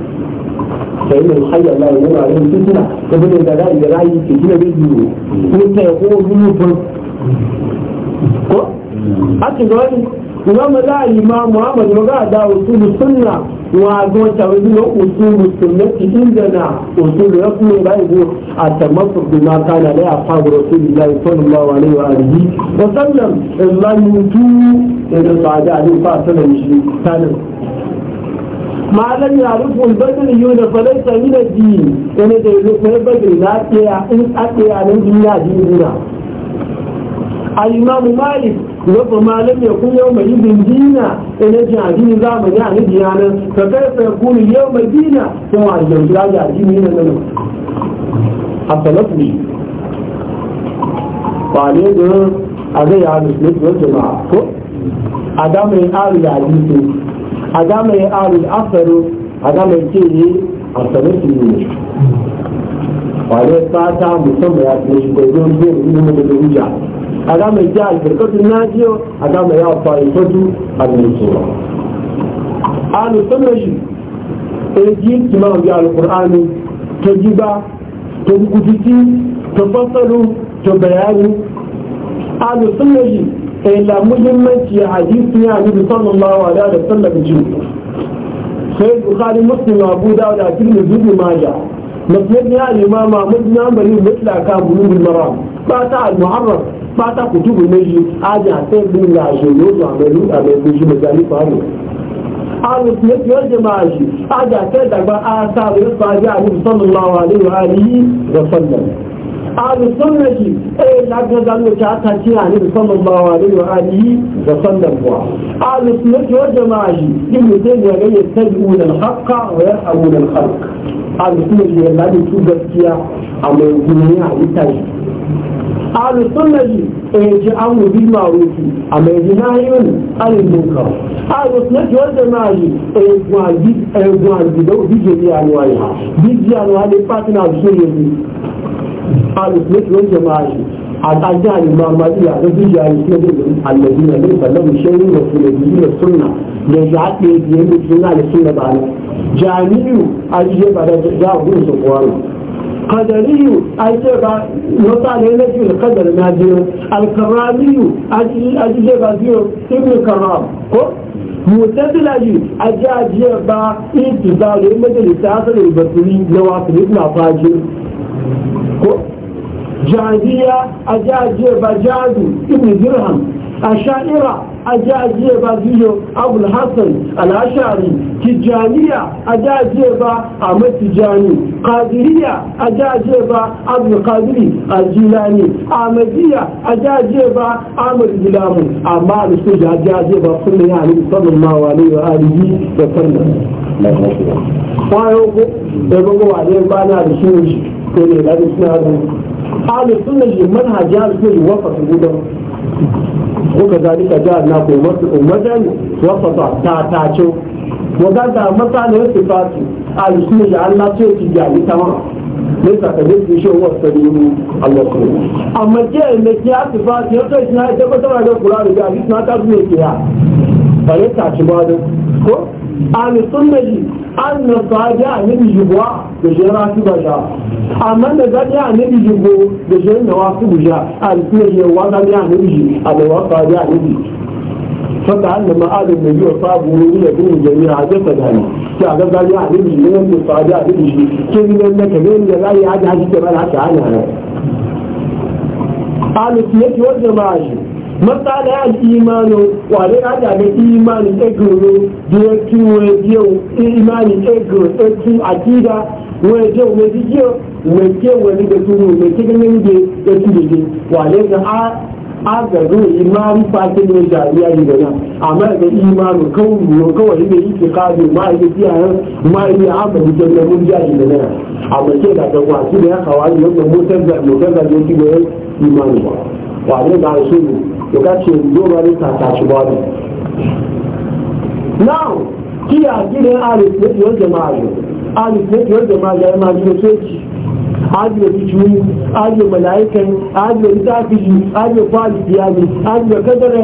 فإن الحي لا يمر عليه فتنة فمن البلاء da wani a yi ma muhammad ma da usulu sunna wa go ta wani na usulu sunna inda na usulu ya kuma bai go a tamafu bi ma kana la ya fa rasulullahi sallallahu alaihi wa alihi wa sallam da fa sallam shi sallam ما لم يعرفه البدريون فليس من الدين يعني ده البدري لا أتي على الدنيا ديننا الإمام مالك لفظ ما لم يكون يوم إذن دينا إن أجع دين زام يعني ديانا فكيف يكون يوم دينا ثم أجل لا أجع ديننا حتى حصلتني وعليه ده أزي عن السلسل والجماعة أدام الآل العزيزي agama ya alul asaru agama ya ce yi asaru su ne wane fata musamman ya ce shi gwaizon biyar ilimin da hujja agama ya ce albarkatun najiyo agama ya fari fatu a mai tsoro alul sunan shi ta ji kimanin ya alkur'ani ta ji ba ta rukututi ta fasalu ta bayani alul sunan shi ila muhimmanci hadisi ya nabi sallallahu alaihi wa sallam ji sai bukhari muslim abu dawud da tirmidhi ibn majah مسند يا الإمام أحمد بن حنبل مطلق بلوغ المرام فاتا المعرف فاتا كتب المجي أجا سيد بن العشيوز وعملوا أمامي مجالي فارو أهل السنة والجماعة أجا سيد أكبر آثار يصفى عليه صلى الله عليه وآله وسلم alusunnati eh na ga zanu ta ta kira ne musamman ba wa ne wa alihi da sallan kuwa alusunnati wa jama'i din ne ya ga ya tabi'u al haqqa wa yarhamu al khalq alusunnati ya ladi su gaskiya a mai duniya a itashi alusunnati eh ji an mu bil ma'ruf a mai jinayun al munkar alusunnati wa jama'i eh gwaji eh gwaji da bijiyar alwaya bijiyar alwaya fatina su ne alùpùpù ló máa yìí àtàjá àyùmọ̀ àmàdíyà ló bí ìyá ìṣẹ́ ìlú àlẹ́bíyà ní ìpẹ̀lẹ́ ìṣẹ́ ìlú òfin ìdílé súnà lẹ́yìn àti èdè ẹni tí náà lè súnà bá ní. jàmíù ayíṣẹ́ bàdà já ògùn ìṣòkò ọ̀run. قدريو أجيبا نطع ليلة القدر ما ديو الكراميو أجيبا ديو ابن كرام كو متدل أجي أجي أجيبا جاهلية أجاجي بجادو ابن درهم أشائرة أجاجي بجيو أبو الحسن الأشعري تجانية أجاجي أحمد تجاني قادرية أجاجي أبو القادري الجيلاني أحمدية أجاجي أحمد الجلامي أما الأستاذ أجاجي كل يعني صلى الله عليه وآله وسلم وأنا أقول لك أنا أشوف كل هذا ahlus sunna li manhaji ahlus sunna li su gudan kuka zalika ja'alnakum ummatan wasata ta ta ce wa gaza masalan sifatu ahlus sunna yi Allah ce ki ga ita ma ne ta kaje ki shi wa salimu Allah ku amma ke ne ki asifatu yato ina ita yi ta da Qur'ani ga hadisi na ta ne ki ya ba ya tashi ba da ko ahli sunna ji an na sahabi annabi jibwa da shi rafi ba sha amma da zabi annabi jibwo da shi na wasu buja ahli sunna ji wa zabi annabi ji a da wasu sahabi annabi فتعلم آل النبي وصحابه من يكون جميعا جسدا كعب قال يا حبيبي من المصعد يا حبيبي كيف انك من لا يعد حاجه ما لها تعالى آل السنة والجماعة masala al'imanu wale ada da imani egoro diye ki weje imani egoro eti akida weje weje yo weje weje de turu weje de nge de turu de wale na a a garu imani fatin ne jariya ne da nan amma da imanu kawai ne kawai ne yake kaji ma yake tiya ma yake amma da da mun jari da nan a mace da ta kwaci da ya kawai yau motar da motar da yake da imani ba wàdí náà ṣe lò lóka tí ìjọ bá ní tàtà ṣùgbọ́n mi. now kí àjílẹ̀ àrètí ètò ọjọ́ máa yọ àrètí ètò ọjọ́ máa yọ ẹ máa yọ séèjì ajiye fitru ajiye mala'ikan ajiye litafi ajiye kwaliti ajiye kadare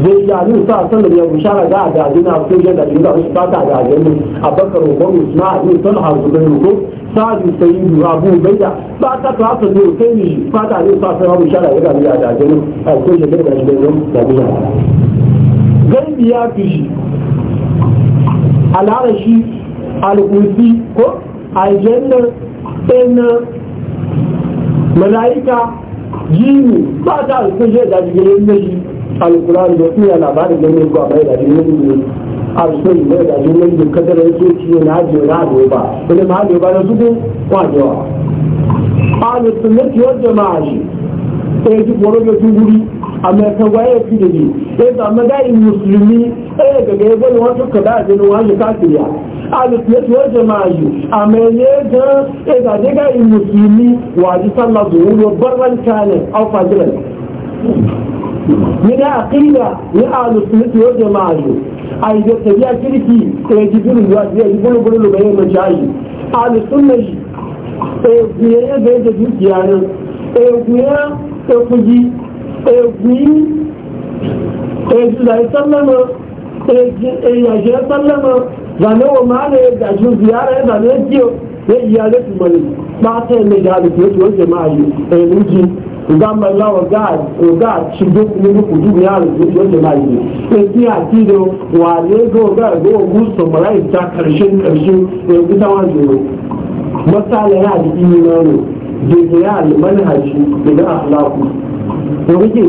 zai da ni sa sallam ya bushara ga adadina ko ya da dinga su ta da adadin abakar ko usma ni sun hazu da ko sa'adu sayyidu abu baida ba ta ta ta ne sai ni fa da ni sa sallam bushara ga da adadin ko ya da dinga su ta da adadin gaibi ya fi alarashi alƙulfi ko aljannar ɗanar mala'ika jini ba ta alƙulfi da jirgin nashi alkur'ani da iya labarin da ne gwa bai da jinin ne a sun bai da jinin ne kadar yake ci na je na ne ba de ma ne ba na su ko wa ne wa ahli sunnati wal jama'a shi sai ji goro da tuguri amma ka waye fi da ni sai da madai musulmi sai ga ga wani wato kada da wani kafiriya alùpùpù ọjọ́ máa a àmì ẹ̀yẹ́ gan ẹgbàdégà ìmùsùlùmí wà ní sálà zòwúrò bọ́rọ̀ ní kánẹ̀ ọ̀fàdìrẹ̀ من عقيدة لأهل السنة والجماعة أي ذا تبيع كريكي يجبون الواجب يجبون بلو بيان مجاي أهل السنة ẹ̀gbìyàn ẹgbẹ̀rẹ̀ tẹ̀sí ti ààrẹ ẹ̀gbìyàn ẹ̀kùnjì ẹ̀gbìyàn ẹ̀gbìyàn sálẹ́mọ̀ ẹ̀yàjẹ́ sálẹ́mọ̀ zane wa mana ya gashi ziyara ya zane kiyo ya iya da su mani ba ta yi mai gari ko to yake ma yi a yi nuki ga malla wa ga ga shi duk ne duk duk ya da su yake ma yi e ti a ti do e wa ne go ga go gusto malai e ta karshen karshen e guta wa jiro masala ya da imani da ya almanhaji da akhlaqu to kike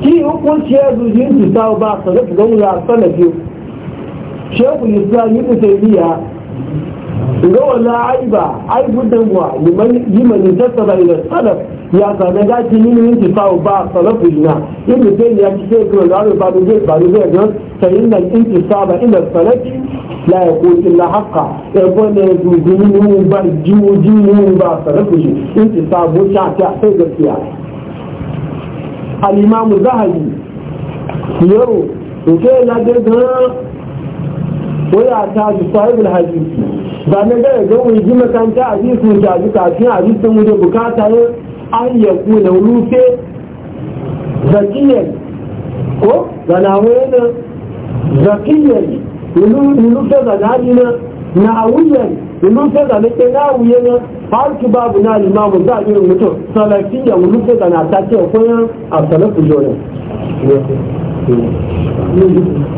ki hukunci ya zuji su ta ba su zai ga wula sana biyu yi kusuriya ga wala aiba ai wa liman ila ya ni ba salafu ina in mutum ya ci sai kuma zaɓe ba da zai nan in ci saba ila salafi la ya ko illa haka ya bane zuji ni ba jiwo mu ba salafu in ci sabo sha ta sai gaskiya الإمام الذهبي يرو وكيل لدينا ويا تاج صاحب الحديث zane da yaga wani ji makanta a ji sun jaji kafin a ji sun wuce bukata ne an ya kuna rufe zakiyar ko zanawo yana zakiyar rufe zanari na na awuyar wulufin da nake na wuye na har ki babu na limamu za a irin mutum salafi ya wulufin da na ta ce koyan a salafu jona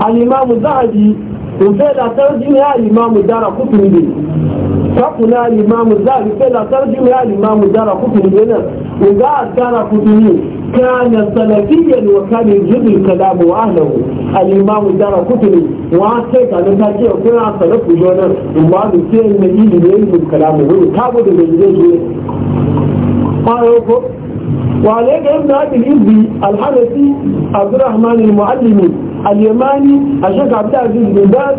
alimamu za a yi wufe da tarjin ya alimamu dara kufin ne kakuna alimamu za a yi wufe da tarjin ya alimamu dara kufin ne nan wuga a dara kufin ne كان سلفيا وكان يجيب الكلام واهله الامام دار كتبي وعسيت على تاجي وكان سلف جونا وما بيصير من يجي يجيب الكلام هو تابد من يجي وعليك ابن ابي الابي الحرسي عبد الرحمن المعلمي اليماني الشيخ عبد العزيز بن باز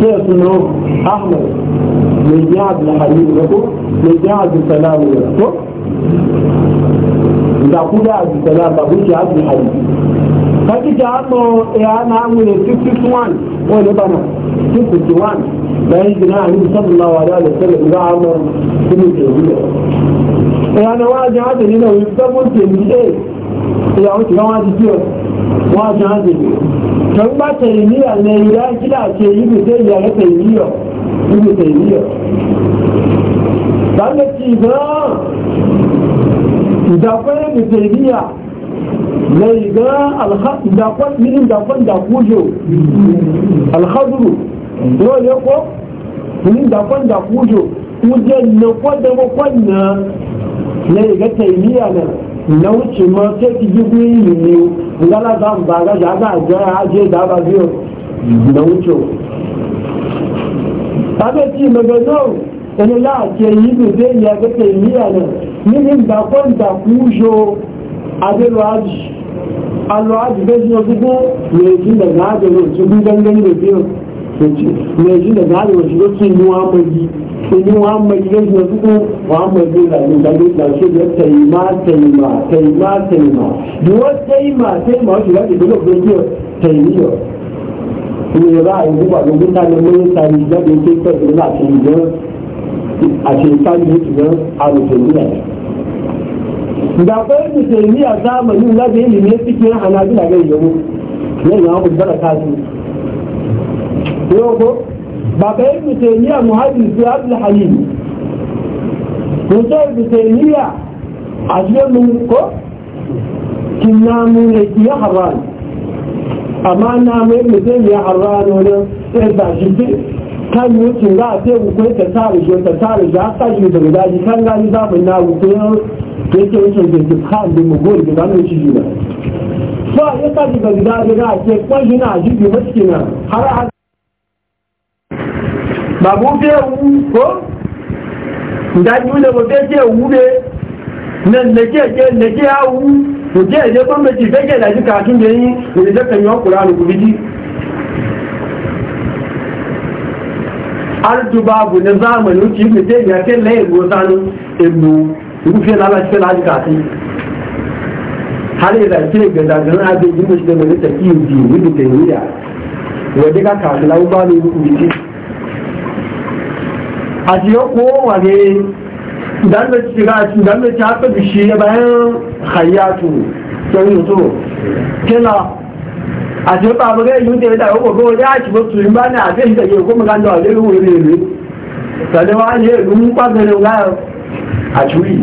sai suna ahmad mai ji abdulhamid na ko mai ji abdulsalam ne ko da ku da abdulsalam ba ku ce abdulhamid kaki ta hato ya na hamu ne 661 wani bana 661 bayan gina a nufi sallallahu alaihi wa sallam za a hamar kuma ke zuwa ya na wajen hada ne na wani sabon ke ni eh ya wuce kan wajen kiyo wajen hada ne tọ́n bá tẹ̀lé ní àlẹ́ ìrá kílà àti ìlú yi ìyàrá tẹ̀lé yọ ìlú tẹ̀lé yọ. Bàbá ti gan-an ìdàpọ̀ ìlú tẹ̀lé yà lẹ́yìn gan-an ìdàpọ̀ nínú ìdàpọ̀ ìdàkújò alhaduru yóò lé kọ́ nínú ìdàpọ̀ ìdàkújò wọ́n jẹ́ nàkọ́ dẹ́wọ́ kọ́ nà lẹ́yìn gan ta yi yà náà. na wuce ma sai ki ji gwi yi ne ngala za mu baga ja ga ja aje da ba biyo na wuce ta ga ci magana ẹni láàkí èyí bèbè ní agbẹ́tẹ̀ ìní àná nínú ìgbàkọ́ǹdà kú yọ adélọ́ájì alọ́ájì bẹ́ẹ̀ sí ọdúnkún mẹ́jì lẹ̀gáàdì rẹ̀ tó bí gángan ní bèbè rẹ̀ mẹ́jì lẹ̀gáàdì rẹ̀ tó tún ìlú àmọ́ yìí ìní wọn mọ ìdílé ìgbìmọ̀ tuntun wọn mọ ìdílé ìlànà ìgbàgbé ìlànà ṣe ìgbà tẹ̀yìmá tẹ̀yìmá tẹ̀yìmá tẹ̀yìmá ìwọ tẹ̀yìmá tẹ̀yìmá oṣù láti ìgbélé òfin ojú tẹ̀yìmí ọ̀ ìrora ìwúwà lóbi tani lórí tani ìjáde tó pẹ̀lú láti ìgbọ́n àti ìtàjú ìtùgbọ́n àròjò nílẹ̀ ìgbàgbọ́ ìtùtù ìní àzáàmù ní ìlànà ìlú ní fífi hàn ágbìlàgbé ìyẹ̀wò lẹ́yìn àwọn olùdọ́rọ̀ káàkiri. بابا ابن تيمية مهاجم في عبد الحليم وصول ابن تيمية عجل منكو كنا من ايتي حران اما نام ابن تيمية حران هنا ايضا جدي كان يوتي لا تيمو كوي تتارج وتتارج اقتاجي بغداجي كان غالي باب الناو كيو يتي وشن جدي خان بمقول بغانو تجينا فا يقاجي بغداجي راكي كوي جنا جدي مسكنا حرا bàbá ó fẹ́ wú kó ìdájú lè mo fẹ́ jẹ́ wú lé lẹ́jẹ́ jẹ́ lẹ́jẹ́ á wú kò jẹ́ ẹ̀jẹ́ tó méjì fẹ́jẹ́ ìdájú kàtún lè yín ìrìnlẹ́ kẹyìn ọkùnrin àlùkù méjì arzu babu na zamani wuce yi mutum ya kai layin gosanin egbo rufe na alaƙi fela ajika sai har yi zance ga zagarin abin yi mashi da mai tafi yi biyu da ta yi wuya wadda ka kasu lauba ne rukuci a cikin kowa ne dan da shiga a cikin dan da ci haka bishi ya bayan hayatu sun yi so kila a cikin babu ga yi da ya dawo ko ko ya ci ba su ba ne a cikin da ke kuma kan da ruwa ne ne sani ma ne rumu ba ga ne ga a curi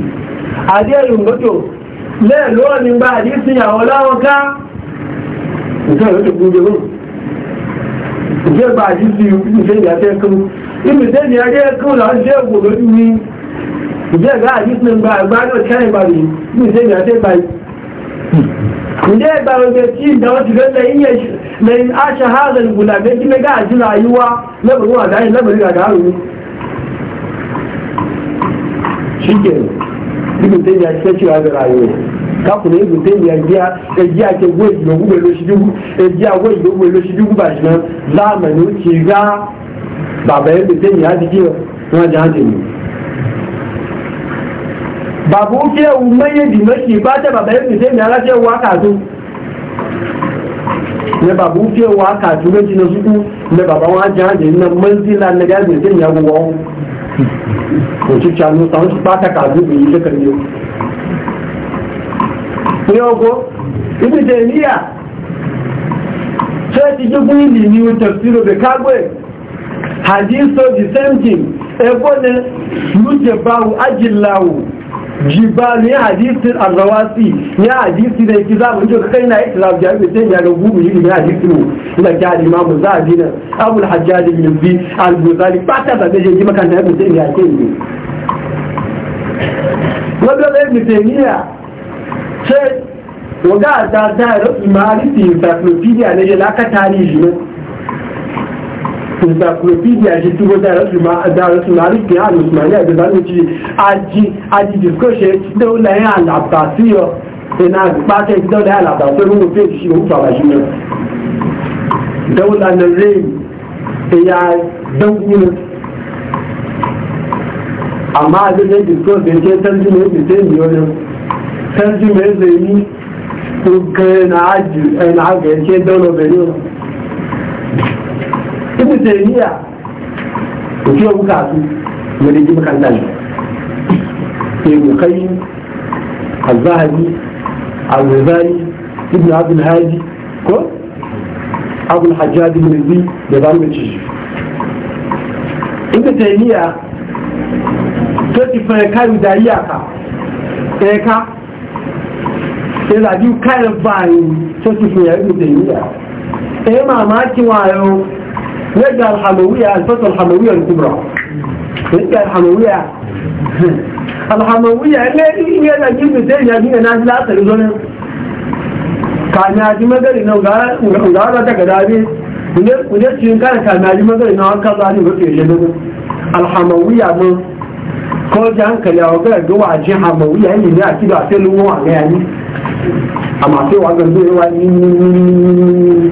a cikin rumbato le lora min ba a cikin yawo lawaka nǹkan ìwé tó gbúdé mú nǹkan ìgbà àjíṣe ìfẹ́ ìyá fẹ́ ibùsẹ̀ ni ajẹ́ kó lọ ṣe ògùn lójú ní ìjẹ́ ìgbà àdísìn gba àgbà náà kẹrin bá mi ibùsẹ̀ ni ajẹ́ báyìí ǹjẹ́ ìgbà òjò tí ìdáwọ́ ti fẹ́ lẹ́yìn hàzẹ̀ méjì mẹ́gà àti ṣíkẹ̀ ni ajẹ́ ṣe wà bẹ̀rẹ̀ àyẹ̀wò kakuna ego te ya jia ejia ke wo ejia wo elo shidugu wo wo ba o ti bàbá ẹ̀ pèsè ìyá àdìjì wọn jà á dìbò bàbá ó kí ẹ̀wù mẹ́yẹ̀dì méjì bá jẹ́ bàbá ẹ̀ pèsè ìyá aláṣẹ wà kàtó ne bàbá ó kí ẹ̀wù àkàtó méjì lọ sùkú ne bàbá wọn á jà á dìbò ní mẹ́sílá nígbà pèsè ìyá gbogbo ọ̀hún òtútù àná sàwọn ti pàtàkì kàtó bìí lẹ́kẹ̀ẹ́ yìí ní ọgọ́ ibi tẹ̀ níyà ṣé ti jógún ìlì ni o tẹ̀síro bẹ̀ hadiso the same thing ẹgbọ́nẹ lújẹ̀báwù ajíláwù jìbá ní hadisin arrawasi ní hadisi da yake za mu ji kai na islam da yake sai ya rubu mu yi hadisi mu da ga imamu zabi na abul hajjaj bin bi al-ghazali fata da zai ji makanta ya sai ya ce ni wanda zai mu teniya sai waga da da rubu ma hadisi encyclopedia yi ya laka tarihi ne encyclopedia de tubo da rasu da zanen ci aji aji discussion daula ya al-abbasiyya ina pata ita daula ya al-abbasiyya ruwa fe shi rufa ba shi ne daula na rai ya daula amma a zai discussion ce tanzu mai bitai biyonin tanzu mai zai ni ko kai na aji na aga ya ibn taymiya ko ce wuka su ya rigi makantar ibn qayyim al-zahabi al-rizali ibn abdul hadi ko abul hajjaj al zi da zamu ci ibn taymiya to ti fa kai da iyaka sai ka sai da biyu kayan bayan sai su fi yayin da yi ya mamakin wayo نرجع الحموية الفتوى الحموية الكبرى نرجع الحموية الحموية اللي هي نجيب تاني هذه ناس لا تلزون كان هذه مدري انه غارة تقدامي وده شين كان كان هذه مدري انه هكذا هذه مدري يجدون الحموية من ko ji hankali a wakilai ga wajen hamawu yayin da ya ci da sai lumo a ga yayi amma sai wa ga zuwa ni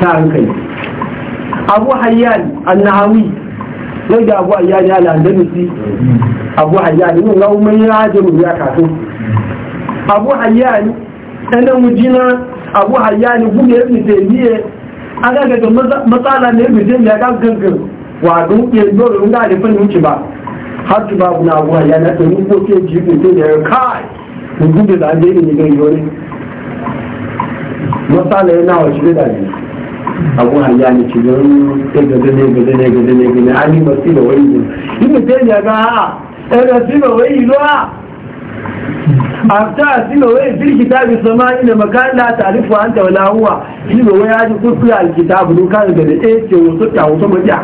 ta hankali abu hayyan annahawi zai da abu hayyan ya landanisi abu hayyan yin raumin rajin ya kato abu hayyan ɗanen wujina abu hayyan gudu ya fi taimiyya an gagaga matsala ne mai taimiyya ga gangan wadu ya zoro yin gari fin wuce ba har su babu na abu hayyan ya tsanin ko ke jibin taimiyya kai gudu da an je ne ga yori matsala yana wa shi da ne abu ya ne ci don sai gada ne gada ne gada ne gada ali ba su da wani ne in mutum ya ga a ɗaga su da wani ruwa afta su da wani fil kitabi sama ina makan la an anta wala huwa shi da wani ya ji kuskure al kitabu don kan da da ce wasu ta wasu mutiya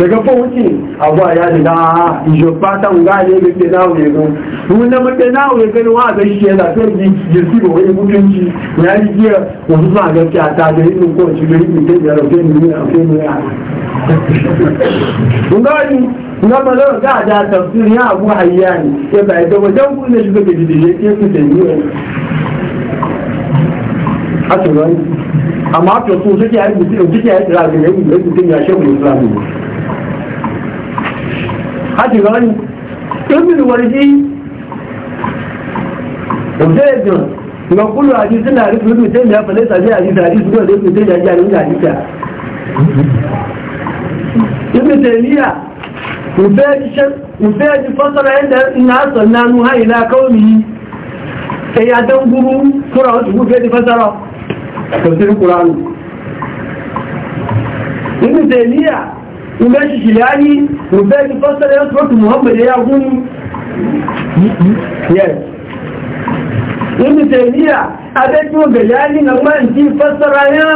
daga fahimci abuwa ya da na ijoba ta wuga ne ga ke nawo ya gan mun na mace na ya gani wa zai shi ya zafi yi jirgi ba wani mutunci ya yi jiya wasu ga gaskiya ta da yi ko ci da yi mutum ya rauke ni ne a kai ne ya kun gani na malar ga da tafsir ya abu hayya ne ya bai da wajen kuma shi ga gidi da ya ke su da yi a cikin amma to su suke yi mutum suke yi tsirabi ne mutum mutum ya shehu islami ne hajji gani ibn warji objection ga kullu hadisi na rufe ibn tayyib ya fale sabi hadisi hadisi ko ibn tayyib ya ji hadisi hadisi ibn tayyiba ubej fasara yadda ina sanna nuha ila kaumi sai ya dan guru sura wasu ubej fasara tafsir Qur'an ibn Taymiyyah in ga shi shilani rubai ki fassara ya suratu Muhammad ya guni yes ibn Taymiyyah abe ki ga yani na ma in fassara ya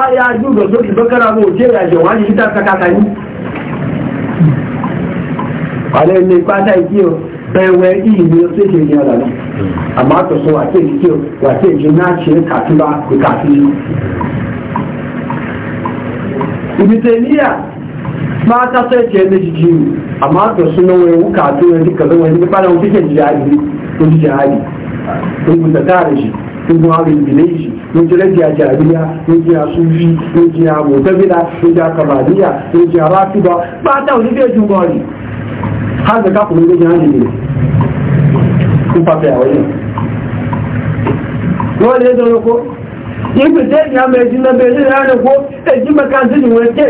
aya ju ga suratu Bakara mo je ya jawani kita kaka kani ale ni pata ikio pewe hii ndio sisi ni ala amma é ta so wace ke wace ji na ce kafi ba ku kafi ibi taniya ma ta sai ce é o amma ta suna wani wukatu na duka zama wani ba da wani cikin jihadi ko jihadi kun kuta tare shi kun kuma abin bilai shi kun ji rajiya jariya kun ji a sufi kun ji a motabila kun ji a kamaliya kun ji a rafiba ba ta wani bai jin gori har da kafin wani jihadi ne fífàfẹ́ àwọn yìí wọ́n mai dọ̀rọ̀ kó ibi tẹ́ ìyá mẹ́jì lẹ́bẹ̀ ilé rẹ̀ kó èjì mẹ́kàntí ìwọ̀n tẹ́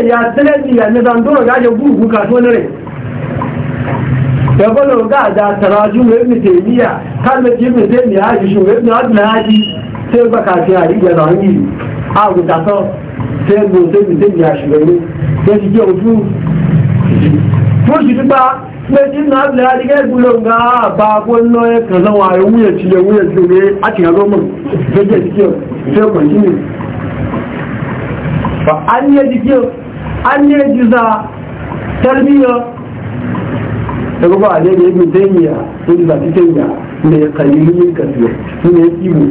ìyá lẹ́yìn náà lè àdígẹ́ ìgbúlò ńgá bá gbóná ẹ̀kàn láwọn ààrẹ wúyẹ̀ tí lè wúyẹ̀ tí lè àtìyàgọ́ mọ̀ gẹ́gẹ́ ìdíkẹ́ ṣe ba an yi jiza tarbiyya da gaba a daidai ibn taymiya ibn zafi taymiya ne kalilin kasiyo ne ibu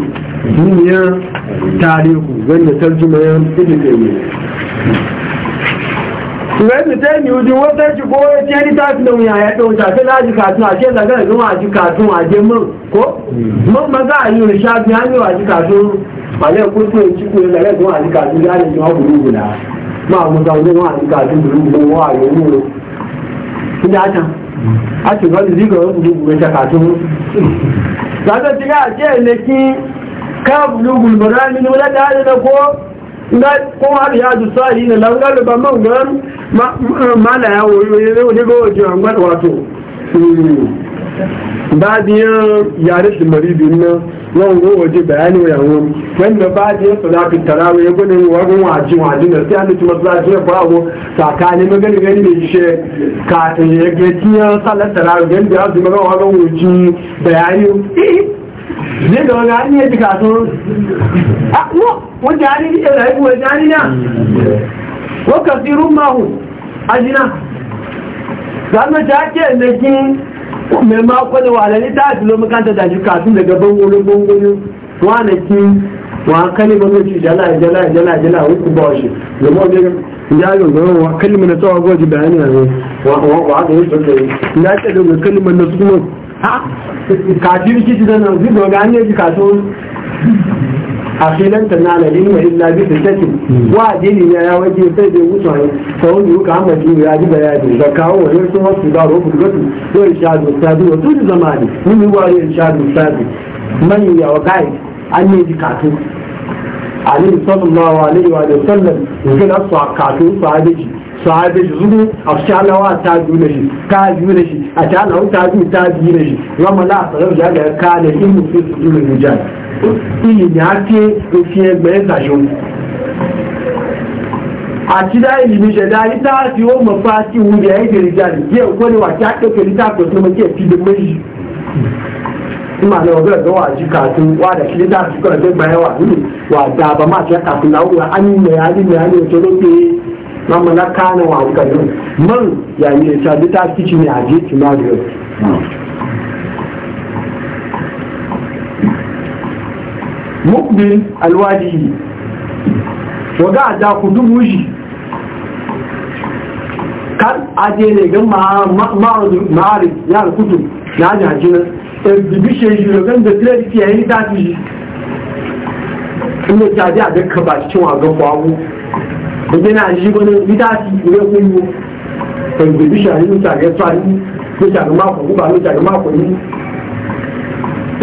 duniyar tarihu wanda tarjumayar ibn taymiya lẹ́nu tẹ́ni ojú wọ́n tẹ́jú kó wọ́n tí ẹni tàbí lóhun ààyẹ́ tó ń ṣàfẹ́ láti kàtún àti ẹ̀lẹ́gẹ́ ìlúwọ̀n àti kàtún àjẹ mọ́ kó mọ́ mọ́gá àyè òṣàbí ánìwà àti kàtún pàlẹ́ kó tó èjì kó ẹlẹ́gẹ́ àti kàtún láti ìjọ burúkú là máa mú ta ojú wọn àti kàtún burúkú wọn ti ngai ko har ya na sahi ne lan galo ba man gan mala ya woyo ne ne go ju an gwa wato ba biya yare shi mari bin nan wọn go waje bayani ya won wanda ba biya salatu tarawih ya gune wa gun waji waji ne sai an ci masallaci ba go sakani gani she ka ta ya ga tiya salat ndi gan da azu wa wọ́n jẹ́ àrí ẹ̀rẹ̀ ẹ̀kú ẹ̀jẹ́ àrí náà a kà sí rúmọ̀hù ajíná gbàmẹ́jẹ́ ákẹ́ ẹ̀mẹ́kí mẹ́má kọ́lẹ̀ wà lẹ́ní táàtì ló mẹ́kántà dájú kàtún daga bango Ha, kàtí rí kí ti dáná, ga ní ẹjì kàtó akilan ta na lalin wa illa bi fitati hmm. wa dini ya ya waje sai dai mutane sau yi ka amma ji ya ji bayani da kawo wani sun wasu da rubu gudu to irshadu sadu wa tudu zamani mun yi wa irshadu sadu man ya wa kai an ne ji katu alaihi sallallahu alaihi wa sallam kin asu katu sahabi sahabe shi zugu a fi shalawa ta biyu da shi ta biyu da shi a shalawa ta biyu ta biyu da shi rama la a tsarar da ya ka da ilmu fi su jimin hujjar iyi ni a ke fi ẹgbẹ́ ìsàṣọ àti dáì ní ìṣẹ̀dá ìta àti ó mọ̀ fà sí ìwúrí ẹ̀ ìdèrè jáde díẹ̀ kó lè wà kí á kéèké níta kò tó mọ̀ kí ẹ̀ fi lè méjì nígbà náà ọ̀gá ẹ̀gbọ́n wà jí kàtó wà dà sílé dáàbò kọ́ ẹ̀gbẹ́ gbà ẹ̀ wà nínú wà dà àbámọ̀ àti ẹ̀ka fúnra ó wà á ní ilẹ̀ á ní ilẹ̀ á ní ìṣòro pé mama na kana wa kanu man ya ne ta bi ta kici ne a je tunario mukbil alwadi wa ga da ku dubu shi kan aje ne ga ma ma ya kutu na jaji na e, bibi she shi ga da tare ki yayi ta shi inda ta ji a dukkan ba cikin wa ga kwawo òfin náà yí gbọ́n níta ti ìwé fún mi pẹ̀lú ìbí ṣàrí ló ṣàgẹ́ tó àdí ló ṣàgẹ́ máa pọ̀ nígbà ló ṣàgẹ́ máa pọ̀ yìí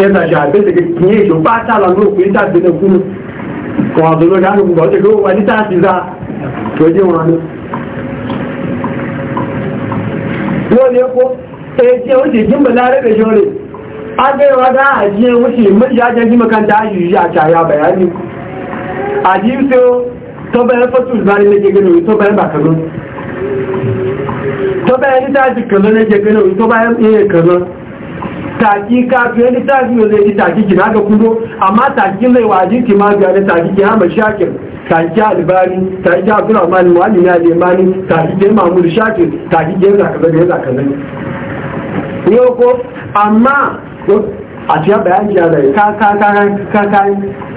ẹ̀sà ṣàgbé ṣèké kì í èso bá tààlà ló kù níta gbé fún mi kò àdó ló dáná gbogbo ọ̀tẹ̀ ló wà níta ti ra lójú wọn ni. wọ́n lè kó èyí ó sì jíǹbẹ̀ lárẹ́ bẹ̀ ṣọ́rẹ̀ agbẹ́wà dáa àjíyàn ó sì mẹ́jì ajẹ́jí mẹ́kàntà ayùyí àṣàyà bàyá ní àjíṣẹ́ tọ́bẹ̀rẹ́ fọ́tún ìbárí méjègbé lórí tọ́bẹ̀rẹ́ bàkanú tọ́bẹ̀rẹ́ nítàjì kanú méjègbé lórí tọ́bẹ̀rẹ́ iye kanú tàjí káàkiri ẹni tàjí olè ní tàjí jì náà gọkúndó àmá tàjí lè wà ní ti máa gbẹ̀rẹ̀ tàjí jì hàmà ṣáàkìr tàjí alìbáni tàjí abdulrahman muhammed alimani tàjí jẹ́ mahmud ṣáàkìr tàjí jẹ́ zakazẹ́ zakazẹ́ ní ọkọ̀ àmá àti àbẹ̀yà jẹ́ rẹ̀ káàkiri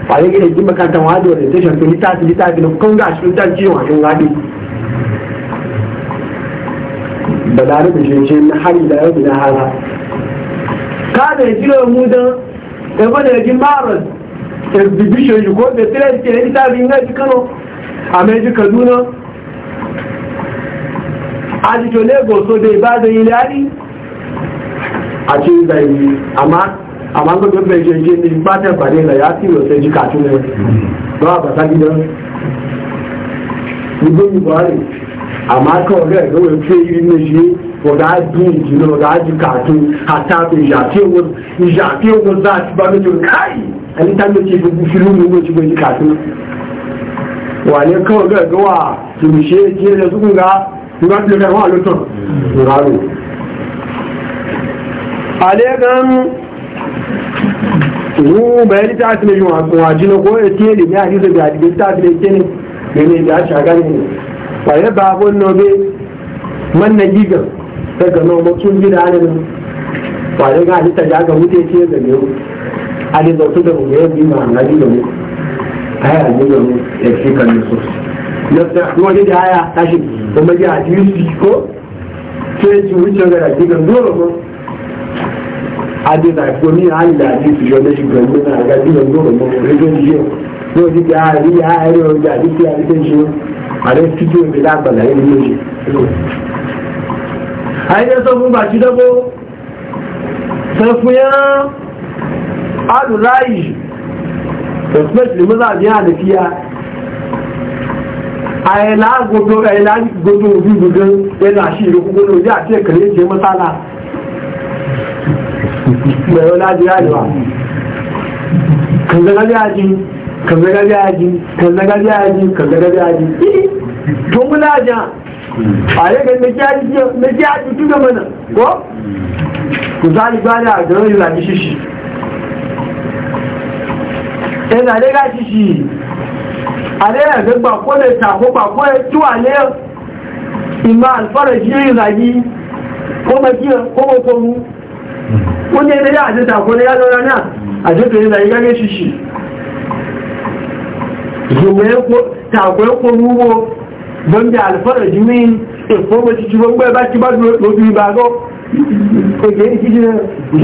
a yi gina jin makarantar wa da orientation to littafi littafi na kun ga shi ta ciwon wajen kan gadi ba da rubu shi na hari da yau da hala. ka da ya jiro mu dan da ba da jin maras exhibition shi ko da tare da littafi na ji Kano a mai ji Kaduna a ji to Lagos so da Ibadan Ilani a cikin zai amma amma ko don bai jeje ne ba ta bare la ya sai ne ba ba ta ni gomi bare amma ko ga ga wai fe yi ne shi ko da du ji no da ji ka tun ta ko ya ce wo ya za ti ba ne to kai ani ta ne ci bu filu ne ko ci go ji ka Wa wale kawai ga ga wa shi je da su ga ba ta da wa lutun ngaro ale gan mu bayani ta asile yi wa jina ko ya ce ne ya hadisa da ta asile ke ne da ne da shi gani ne ba ya ba abun man na giga daga nobe kin gida ne nan ya ga hadisa ya ga wuce ce da ne hadisa su da mu ya bi ma na giga mu aya ne ga mu ya ce kan ne so na ta mu ne da aya tashi kuma ya hadisi ko sai ji wuce ga giga dole mu adéta ìfomi àìlà àti ìfìṣọ́lẹ̀ ṣùgbọ́n gbé náà àgbà tí ìyọ̀gbọ́ ọ̀gbọ́n rédíò yìí ga ojú pé àárí àárí ọjà àti tí a ti ṣe ààrẹ fídíò ìbí lágbàlá yìí ní oṣù. àìlẹ́ sọ fún bàtí dọ́gbó sọ fún yán alùláyì especially mọ́lá ní àdìfíà àìlà gbogbo àìlà gbogbo òbí gbogbo ẹ̀là sí ìlú gbogbo lórí àti ẹ̀kẹ̀rẹ́ ìjẹ mọ́sálà bayo laji rayuwa kan zaga yaji kan zaga kan zaga yaji kan zaga yaji to muna ja a yaga na na jaji mana ko ku zali bani a ga yi zabi shishi ɗan zane ga shishi a ɗaya ga bako da tako ko ya tuwa ne ima alfarashi yi zabi ko makiya ko makomu wọ́n ní ẹgbẹ́ àjẹta àkọlẹ̀ yá lọ́ra náà àjẹta ìlà ìyá lé ṣíṣì tààkọ̀ ẹ̀kọ́ rúwọ́ gbọ́ndé àlùfọ́nà jù ní ìfọ́wọ́ títí gbogbo ẹbá tí bá lóbi ìbàgọ́ òjò ní títí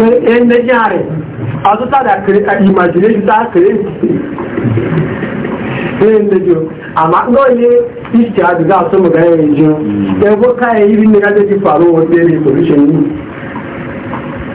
ẹ̀ẹ́dẹ́jẹ́ rẹ̀ àtútàdà ìmàjìlẹ́jù tá kèrè ẹ̀ẹ́dẹ́jọ́ àmá náà yé ìṣẹ́ àdúgbà sọ́mọ̀gá ẹ̀ẹ́jọ́ ẹ̀wọ́ káyẹ̀ yìí ní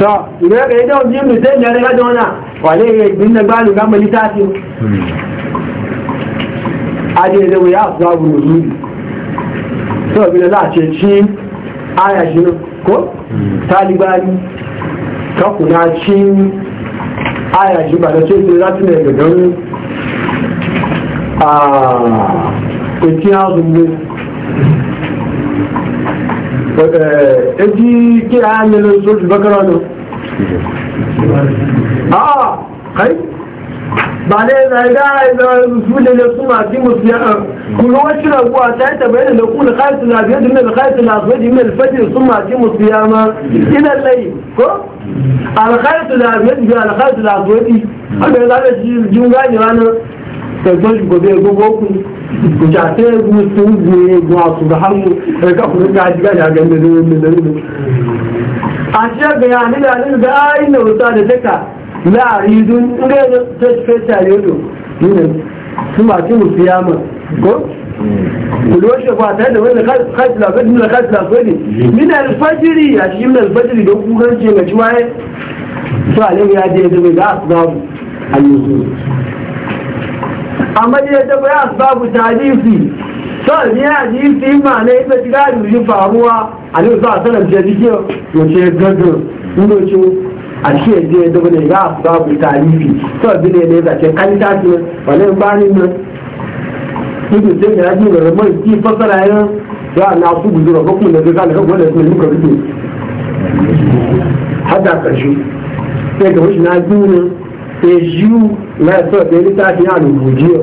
to ìrẹ́ ẹ̀kẹ́ ìjọ òjì ìlú tẹ́ ìyẹrẹ ya náà wà lè rẹ̀ ìgbìnlẹ̀ bá lù gámọ̀ lítà sí adé ẹ̀lẹ́wò yá àfúrà wùrù lórí tó ọ̀gbìnlẹ̀ láti ṣí àyà ṣe kó tálígbárí tọkùnrin àti àyà ṣe ba da ìpínlẹ̀ da lẹ̀ gẹ̀gẹ́ ní a àwọn ọdún eti kira hanyar sosu bakar wani a kai ba ne zaga da su ne da su masu musulman kuma wacce raguwa ta yi tabbayin da kuna kayan na biyar da mai kayan na zuwa jimin alfajir sun masu musulman ina lai ko alkhairu na biyar da alkhairu na zuwa ji haka yana da jin gani ranar ẹgbẹ́ ìgbòdó egungun okùn ìjà tẹ́ egun tó ń gbin egun àtùgbà hàmù ẹ̀ka kùnú ká jígájà gẹ́gẹ́ lórí mi lórí mi. àti ẹgbẹ́ yà nílẹ̀ àdébẹ̀ ayé ní òótọ́ àdẹ́tẹ́kà láàrin ìdú ndé tó ti fẹ́ sí àyè odò nílẹ̀ túmọ̀ àti mùsùlùmí kó olóṣèlú àtẹ́lẹ̀ wọ́n lè kájìlá fẹ́ nílẹ̀ kájìlá fẹ́ ni nínú ẹ̀lfẹ́jìrì àti nínú ẹ̀lfẹ́jìrì ló kú rẹ́ jẹ́ ẹ̀jẹ̀ wáyé tó àlẹ́ mi adé ẹ̀dẹ́gbẹ̀dá àtúnáwó àyè òṣèlú amma ne da bai asbabu tadisi sai ne hadisi ma ne da yi faruwa a ne za a sanar da dike yace gado inda ce a ce je da bane ga asbabu tadisi sai bi ne ne ce kan ta ce wala ba ni ne ido ya ji da mai ki fasara ya ya na ga ga ne ka rubuta hada karshe sai ga wani na èyíú mẹ́tọ́ ìpérí tàbí àlùbùjíọ̀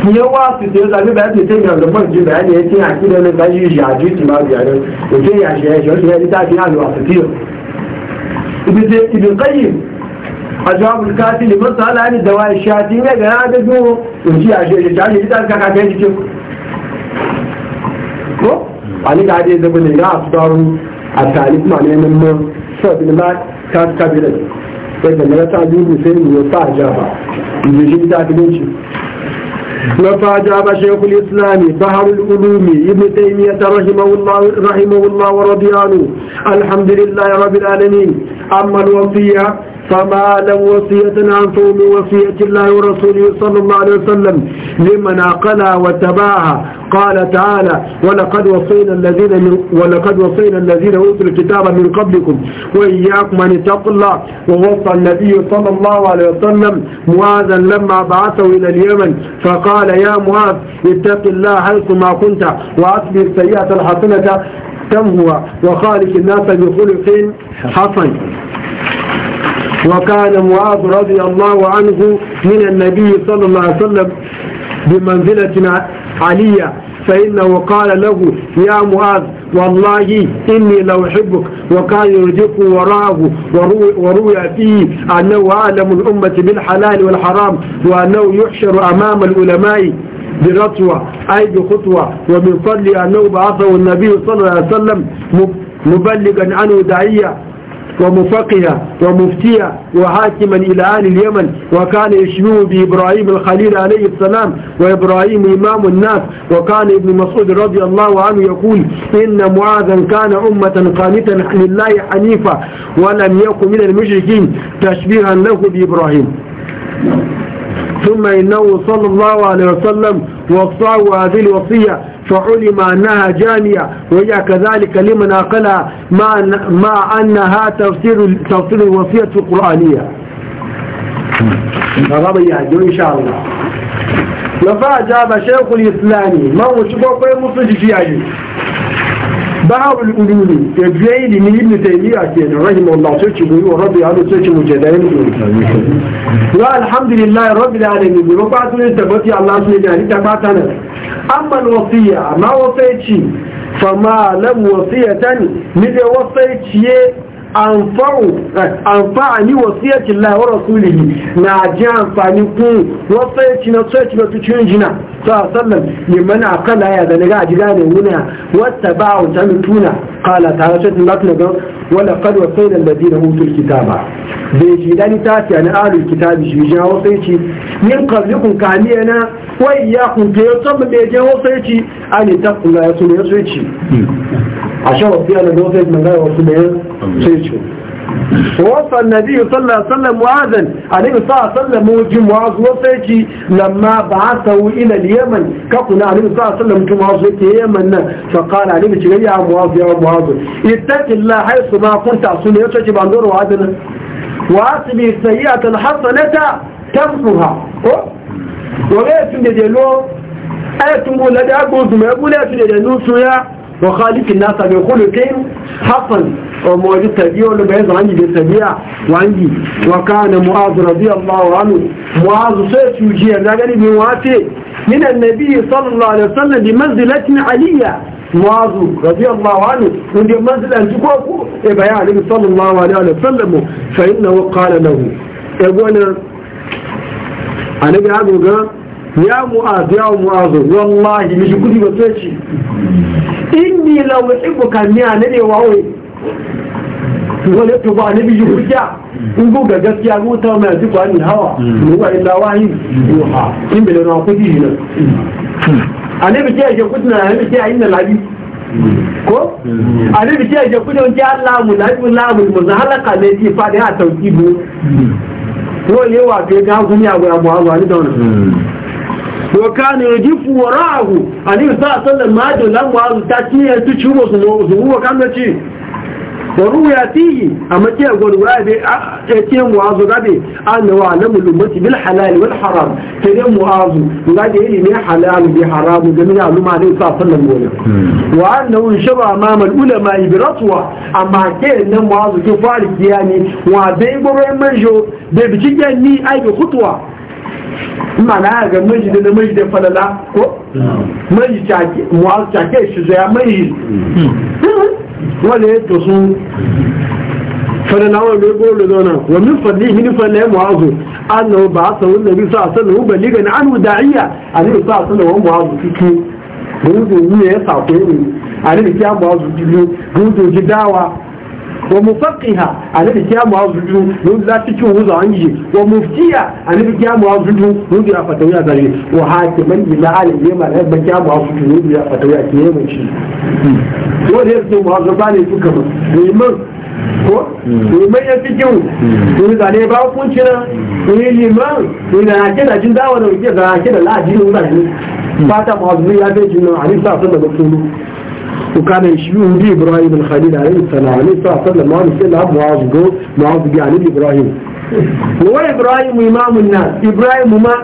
kí yẹ wá sí tí ó sàbí bẹ́ẹ̀ tí tẹ́yìn ọ̀lọ́pọ̀ ìjú bẹ́ẹ̀ ni ẹtí àkílẹ̀ ló báyìí ìyà àjú ìtì máa bìyàrẹ̀ òkè ìyàṣẹ́ ẹ̀ṣọ́ sí ẹni tàbí àlù àfẹ́fíọ̀ ibi kẹ́yìn ọjọ́ afirka ti lè mọ́tò aláàní dẹwà iṣẹ́ àti ilé ẹ̀gẹ̀ rádẹ́gbọ́n òjì àṣẹ ìṣẹ́ àṣẹ ìṣẹ́ kàkàkẹ́ jíjẹ́ ko alika ade zabu ne ga asdaru atalik ma ne mun sọ bin ma ka kabirin yadda na ta dubu sai mu ya fa jaba mu ji ta dinci na fa jaba shaykhul islam baharul ulumi ibn taymiyyah rahimahullah rahimahullah wa radiyallahu alhamdulillahi rabbil alamin amma al-wasiya فما لم وصية عن صوم وصية الله ورسوله صلى الله عليه وسلم لمن عقلها وتباها قال تعالى ولقد وصينا الذين ولقد وصينا الذين اوتوا الكتاب من قبلكم واياكم ان اتقوا الله ووصى النبي صلى الله عليه وسلم معاذا لما بعثه الى اليمن فقال يا معاذ اتق الله حيث ما كنت واصبر سيئه الحسنه تمهوى وخالق الناس بخلق حسن وكان معاذ رضي الله عنه من النبي صلى الله عليه وسلم بمنزلة علية فإنه قال له يا معاذ والله إني لو أحبك وكان يرجف وراءه وروي فيه أنه أعلم الأمة بالحلال والحرام وأنه يحشر أمام العلماء برطوة أي بخطوة ومن فضل أنه بعثه النبي صلى الله عليه وسلم مبلغا عنه داعية ومفقها ومفتيا وحاكما إلى آل اليمن وكان يشبه بإبراهيم الخليل عليه السلام وإبراهيم إمام الناس وكان ابن مسعود رضي الله عنه يقول إن معاذا كان أمة قانتا لله حنيفا ولم يكن من المشركين تشبيها له بإبراهيم ثم إنه صلى الله عليه وسلم وصاه هذه الوصية فعلم أنها جانية وهي كذلك لمن أقلها ما أنها تفسير, تفسير الوصية القرآنية رضي إن شاء الله لفا جاب شيخ الإسلامي ما هو شبه قيم مصدر باب الألول تبعي لمن ابن تيمية كان رحم الله سوتش بوي ورب عنه سوتش مجدين لا الحمد لله رب العالمين بربعة تبطي الله سنة يعني تبعتنا أما الوصية ما وصيتي فما لم وصية من وصيتي amfani wasiyacin lawar rasulihi na ji amfani kun wasayaci na tsoyaci na tucin jina a sallan ne mana akalla ya zane ga ji ne wuna wata ba a wuta mutuna kala tare da tun latin gan wala kad wasai da ladi da hutun kitaba bai shi dani ta fi an alul kitabi shi ja wasaici yin kablikun kamiya na wai ya kun ke yau sabon bai je wasaici ani ta kula ya su ne wasaici a shan wasu yana da wasaici magana wasu da ووصى النبي صلى الله عليه وسلم وآذن عليه الصلاة والسلام وجم معاذ وفيتي لما بعثه إلى اليمن كفنا عليه الصلاة والسلام وجم معاذ في اليمن فقال عليه الصلاة والسلام يا معاذ يا معاذ اتق الله حيث ما كنت أصلي يتجب عن دور وعدنا وأصلي السيئة الحسنة تمسها وغير سنجلو أتمو لدى أبوز ما يقول أتمو لدى نوسو wa khaliki nasa bai kulu kai hafan wa mawaji tabi wani bai zama ji bai tabiya wangi wa kana mu'azu radiyallahu sai suji ya gani bin wace min annabi sallallahu alaihi wasallam bi manzilatin aliyya mu'azu radiyallahu anhu in dai manzilan ji ko ku e bai ali sallallahu alaihi wasallam fa inna wa qala lahu e eh, gona anabi ya goga ya mu'azu ya mu'azu wallahi mishi kudi ba sai ci inni la uhibbu ka ni anade wawe wani to ba ni biji hujja in go ga gaskiya mu ta mai ji kwani hawa mu ba illa wahi ruha in bi na kudi ne annabi ce ya kudi na annabi ce inna labi ko annabi ce ya kudi on ji Allah mu labi labi mu zahalaka ne ci fa da tauki bu ko lewa ga ga gunya ga mu hawa ni da wa kana yujifu wara'ahu ani sa sallan ma da lan wa ta ci ya ci chubo su mo su wa kan ci wa ruya tihi amma ce go ruwa be a ce muazu gabe an wa alamul ummati bil halal wal haram ce ne muazu gabe ilimi halal bi haram da mina aluma ne sa sallan ne. wa annahu shaba amama al ulama bi ratwa amma ke nan muazu ke fari kiyani wa be gore manjo be bi ni ai bi khutwa ina na ya ga mai da mai da falala ko mai chake mu al chake shi zai mai wale to sun falala wa mai zona wa min fadlihi ni falala mu'azu annahu ba'atha wa nabi sallallahu alaihi baligan anhu da'iya annabi sallallahu alaihi wasallam mu'azu kike gudu ne ya sako ne annabi ya mu'azu biyu gudu gidawa wa mufaqiha anabi kiyamu wa zudu nun la ci cin wuza anji wa muftiya anabi kiyamu wa zudu nun ya fatawiya zari wa hakiman ila alim yema da ba kiyamu wa zudu nun ya fatawiya ke yema shi ko da yake mu hazaba ne suka ba liman ko liman ya fi kyau ko da ne ba hukunci na ko liman ko da ake da jin dawo da ke da ake da laji ne wuza ne fata mu hazbi ya bai jin nan sa sun da kullu وكان يشبهه بإبراهيم الخليل عليه السلام عليه الصلاة والسلام ما نسأل عبد معاذ جو معاذ يعني إبراهيم هو إبراهيم إمام الناس إبراهيم ما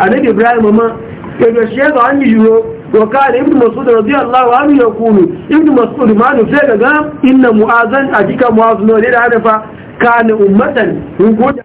أنا إبراهيم ما إذا الشيخ عندي جو وقال ابن مسعود رضي الله عنه يقول ابن مسعود ما نسأل قام إن معاذا أجيك معاذ نوري العرفة كان أمة وقود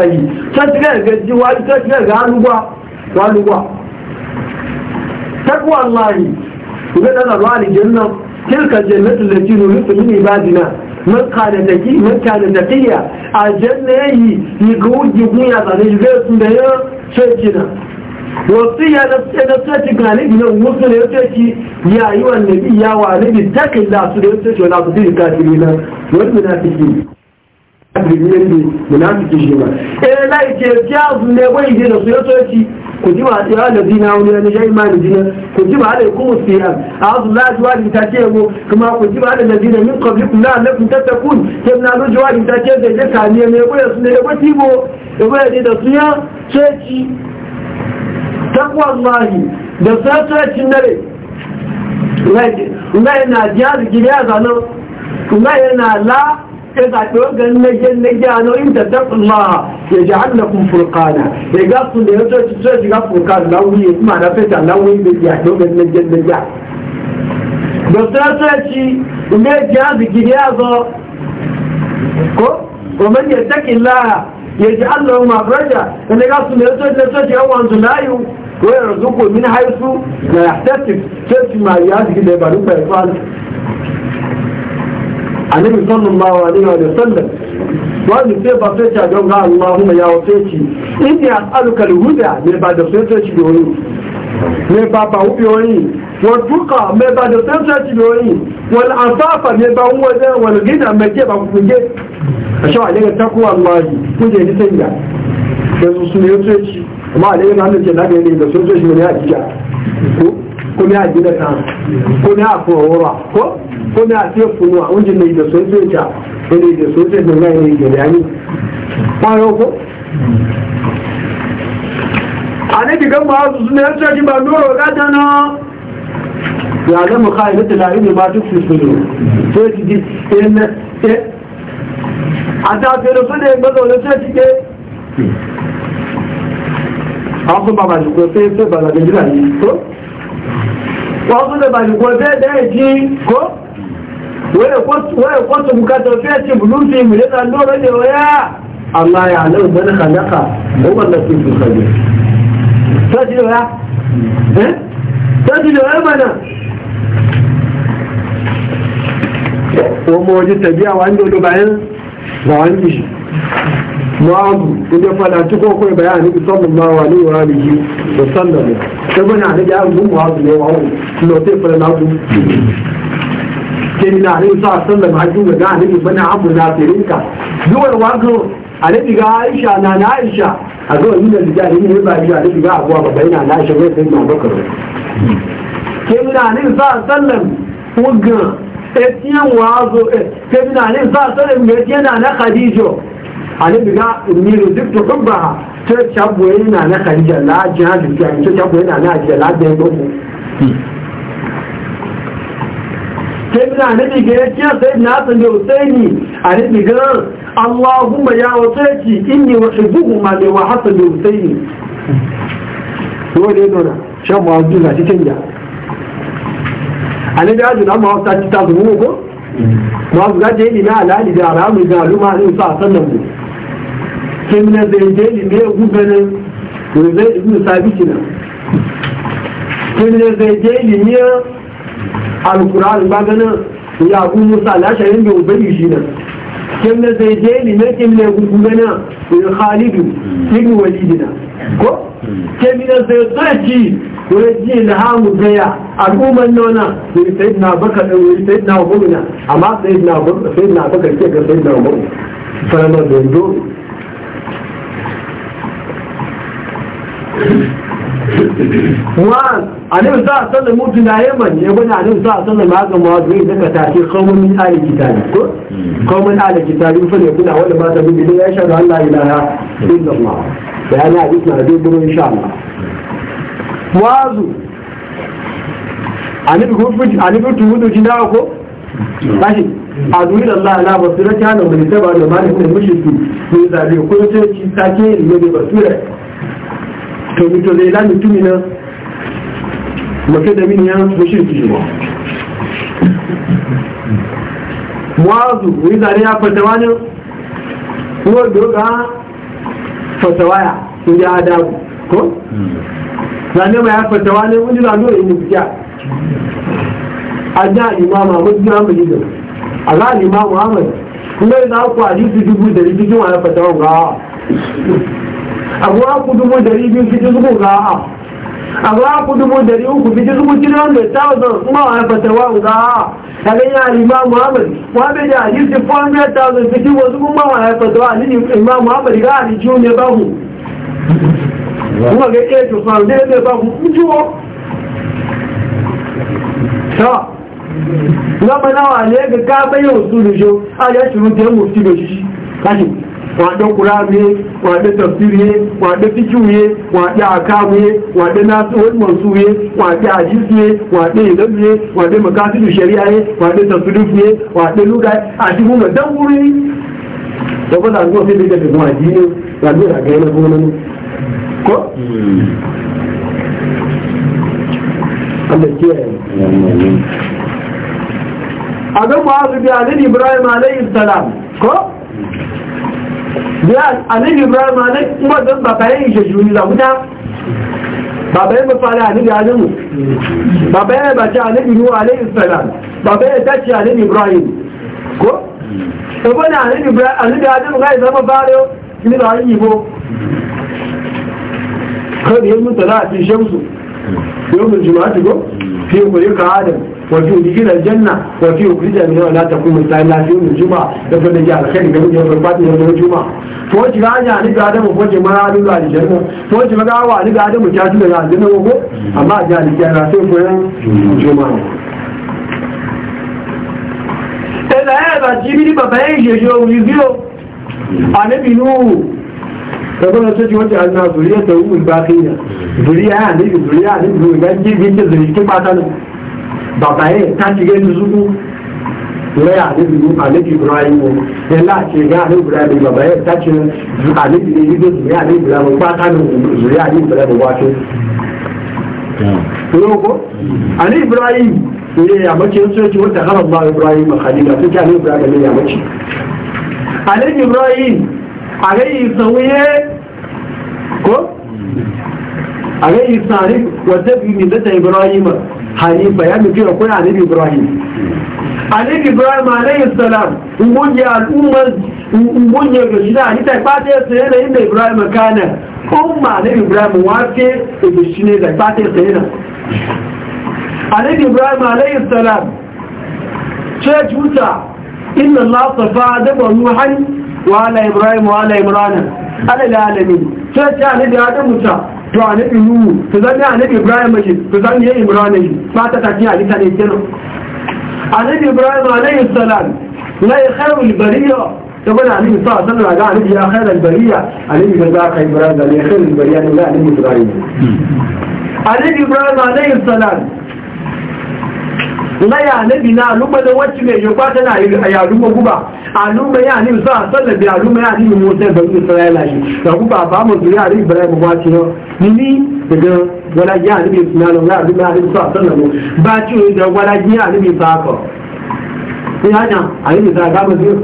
ayi tẹ́tẹ́ gẹ̀ẹ́jì wá tẹ́tẹ́ gẹ̀ẹ́lúgbà wálúgbà tẹ́kù aláàrí ìgbẹ́ta lọ́rọ̀ àlìjẹ́ náà tilka jannatu lati nurisu min ibadina man kana taki man kana taqiya ajanna yi yuguji guya da ne zai sun da ya shekina wasiya da sai da sai gani ne musu ne yake ki ya yi wa nabi ya wa nabi takilla su da yake shi wala su bi kafirina wal munafiqin kafiri yadda munafiki shi ba eh ke su ne bai da su ya ku ji ma ya dina wani ya dina ku ji ma alai kuma la ta ce mu kuma ku ji ma da dina min kun ke na ta ce da ya ne su ne tibo bai da su ya takwa da ngai na gidiya zanen ngai na la إذا توقع النجي النجي أنا إن تتقوا الله يجعل لكم فرقانا يقصوا اللي يتوش تتوش يقصوا فرقان لوي اسمع نفتح لوي بدي أحتوقع النجي النجي بسرعتي النجي هذا كرياضة ومن يتقي الله يجعل له مخرجا اللي قصوا اللي يتوش تتوش يقصوا فرقان ويرزقه من حيث لا يحتسب تسمع ما هذه اللي بالوبة يقال annabi sallallahu alaihi wa sallam wani sai ba sai ta don ga Allahumma ya wace ci in ya aluka alhuda ne ba da sai ta ci doyi ne ba ba ubi wani wa duka me ba da sai ta ci doyi wal asafa ne ba mu wani wal gida me ke ba ku ge a shawa ne ta ku wallahi ku je ni sanya da su ne ta ci amma alai na ne ke na ne da sai ta ci ne ya ci ko ko ne a gida ta ko ne a fowara ko ko ne a fiye funuwa wajen mai da sosai ta da ne da sosai da zai ne da yani kwayo ko a ne digan ba su suna yan sarki ba nuro gata na ya zama kayan da talari ne ba duk su suna so ki ji eh, eh. a ta fere su ne mazaune sai cike eh. an kuma ba shi ko sai sai ba zaɓe jira ne ko wọ́n tún lè bàjúkọ bẹ́ẹ̀dẹ́ ìdí kó wọ́n kó tó bukata fẹ́ ti bùlú fi ìmìlẹ́ ta lọ́rọ̀ ní ọ̀yá àmà àlẹ́ ìgbẹ́ni kàdákà ó wà lọ sí ìfúkàdé tọ́jú lọ́yá tọ́jú lọ́yá mọ̀nà wọ́n ma'amu da da falatu ko kai bayani bi sallallahu wa ne wa sallam da bana da ya mu mu'azu ne wa no te falatu kin na ne sa sallam haju ga ga ne bana abu na tirinka duwar wago a ne diga Aisha na na Aisha a ga wani da diga ne ba Aisha da diga abuwa ba bayna na Aisha ne sai na bakar kin na ne sa sallam wugga etiyan wazo kin eh, na ne sa sallam ne na na Khadijo annabi ga miru duk to ta chabo na khadija la jihad ta ta chabo na khadija la da ko kemina annabi ga yace sai na san da husaini annabi ga allahumma ya wasaki inni uhibbuhuma li wa hasan husaini dole dole shan ma duna cikin ya annabi ya jira ma wasa ta zuwa ko ma zuwa je ina alali da ramu da luma ne sa sannan mu sun na zangeli mai gubanin ruzai ibn sabiti na sun na zangeli ne alkuran baganin ya abu musa lashayin da ubayi shi na sun na zangeli mai kim ne gubanin da khalidu ibn walidina ko kemi na zangaci wani ji ilhamu gaya al'ummar nona da sayid na baka da sayid na ubayi na amma sayid na baka ke ga sayid na ubayi sanamar da wọn annabi sa sallan mutu na yaman ya gwada annabi sa sallan ma ga mawadu da ka tafi kawun min kitabi ko kawun ahli kitabi fa ne kuna wanda ba ta bi da ya shaɗu Allah ilaha illallah bayana da isma da biro insha Allah wazu annabi ko fuji annabi hudu jin ko bashi a ila Allah la basira ta na wani sabara da malikin su ne zabe ko ce ki sake ne da basira to mito zai la mutumi na mafi da min ya mushirki shi ba muwazu wani zane ya fatawa ne kuma doga fatawa ya sun ya adabu ko zane mai ya fatawa ne wani zane ya yi mufiya a ja imama wajen hamadi da a za a imamu hamadi kuma yana ku a su dubu da rikicin wa ya fatawa ga agora ku dubu dari biyu fi jizgu ga a agora ku o dari uma fi jizgu kilo da tawazan kuma a fatarwa ga a kaga ya lima a muhammad ya hadisi 400,000 uma jizgu wasu kuma a fatarwa ni imam muhammad ga a rijiyo ne ba uma kuma ga iya tufa ne ne ba mu kujiwo ta gaba nawa ne ga ka bayyana wasu o a ya shuru da yamma fi da shi kashi waɗe ƙurame waɗe tafsiriye waɗe fikiuye waɗe akamuye waɗe nasuwar mansuye waɗe ajisiye waɗe ilabiye waɗe makasidu shari'aye waɗe tafsiriye waɗe lugaye a cikin ga dan wuri da ba za a fi daga da zuwa jini ga zuwa ga yana ne ko Allah kiyaye a ga mu'azu bi Ibrahim alayhi salam ko ya annabi ibrahim ne kuma dan baba yayin shi juni da wuta baba yayin fara annabi adamu baba yayin bace annabi nuhu alaihi salam baba yayin tace annabi ibrahim ko to bana annabi ibrahim annabi adamu ga zama bare ni da yi bo kada yayin mutala a cikin shamsu yau jima'atu ko fi ku yi ka'ada wa fi ujina janna wa fi ukhrija min la takun mutayyin la fi juma da fa da ya alkhair ga mutum ya farfati da juma to ji ga ya ni ga da mu fage mara da da janna to ji ga wa ni ga da mu kyatu da janna ko amma ga ni ga na sai ko yan juma ela era de mim para ele eu vivi o anebinu saboda ta ji wata anna zuriya ta yi ba kai na zuriya ya ne ga zuriya ne ga zuriya ne ga da zuriya ke ba ta nan ba ta yi ta shiga ni zuku laya ne ga zuku a ne ga ibrahim ya la ce ga ne ibrahim ba ba ya ta ce zuka ne ne yi da zuriya ne ga ibrahim ba ta nan zuriya ne ga ibrahim ba ce ko ali ibrahim ne eh, ya mace sun ce wata haram ba ibrahim khalila sai ta ne ibrahim ne ya mace ali ibrahim àrẹ́yìn ìsàn wíyẹ́ kó àrẹ́yìn ìsàn rí wọ́tẹ́bí ní lẹ́tẹ̀ ibrahim hanifa ya mú ọkùnrin àníbi ibrahim àníbi ibrahim àrẹ́yìn salam ngbóyè al'ummar ngbóyè gẹ̀ṣídà àníta ìpáté ẹsẹ̀ ẹ̀rẹ́ ilẹ̀ ibrahim kánà ó mà àníbi ibrahim wá ké ìgbèṣínà ìpáté ẹsẹ̀ ẹ̀rẹ́ àníbi ibrahim àrẹ́yìn salam وعلى إبراهيم وعلى إمران على العالمين فتا نبي آدم موسى to a nabi nuhu su إبراهيم a nabi ibrahim إبراهيم su zanni ya imran shi إبراهيم ta tafi a lita ne kenan a nabi ibrahim alayhi salam la yakharu يقول عليه الصلاة والسلام على عليه يا خير البرية عليه جزاك إبراهيم لا يخير البرية لا عليه إبراهيم عليه إبراهيم عليه السلام laya nabi na alumma da wacce mai yi kwata na a yarumma guba alumma ya ne sa sallabi alumma ya ne musa da isra'ila shi da guba ba mu wala ya ne bi sunan Allah alumma ya ne sa wala ya ne bi ni hanya a yi da ga mu zuriya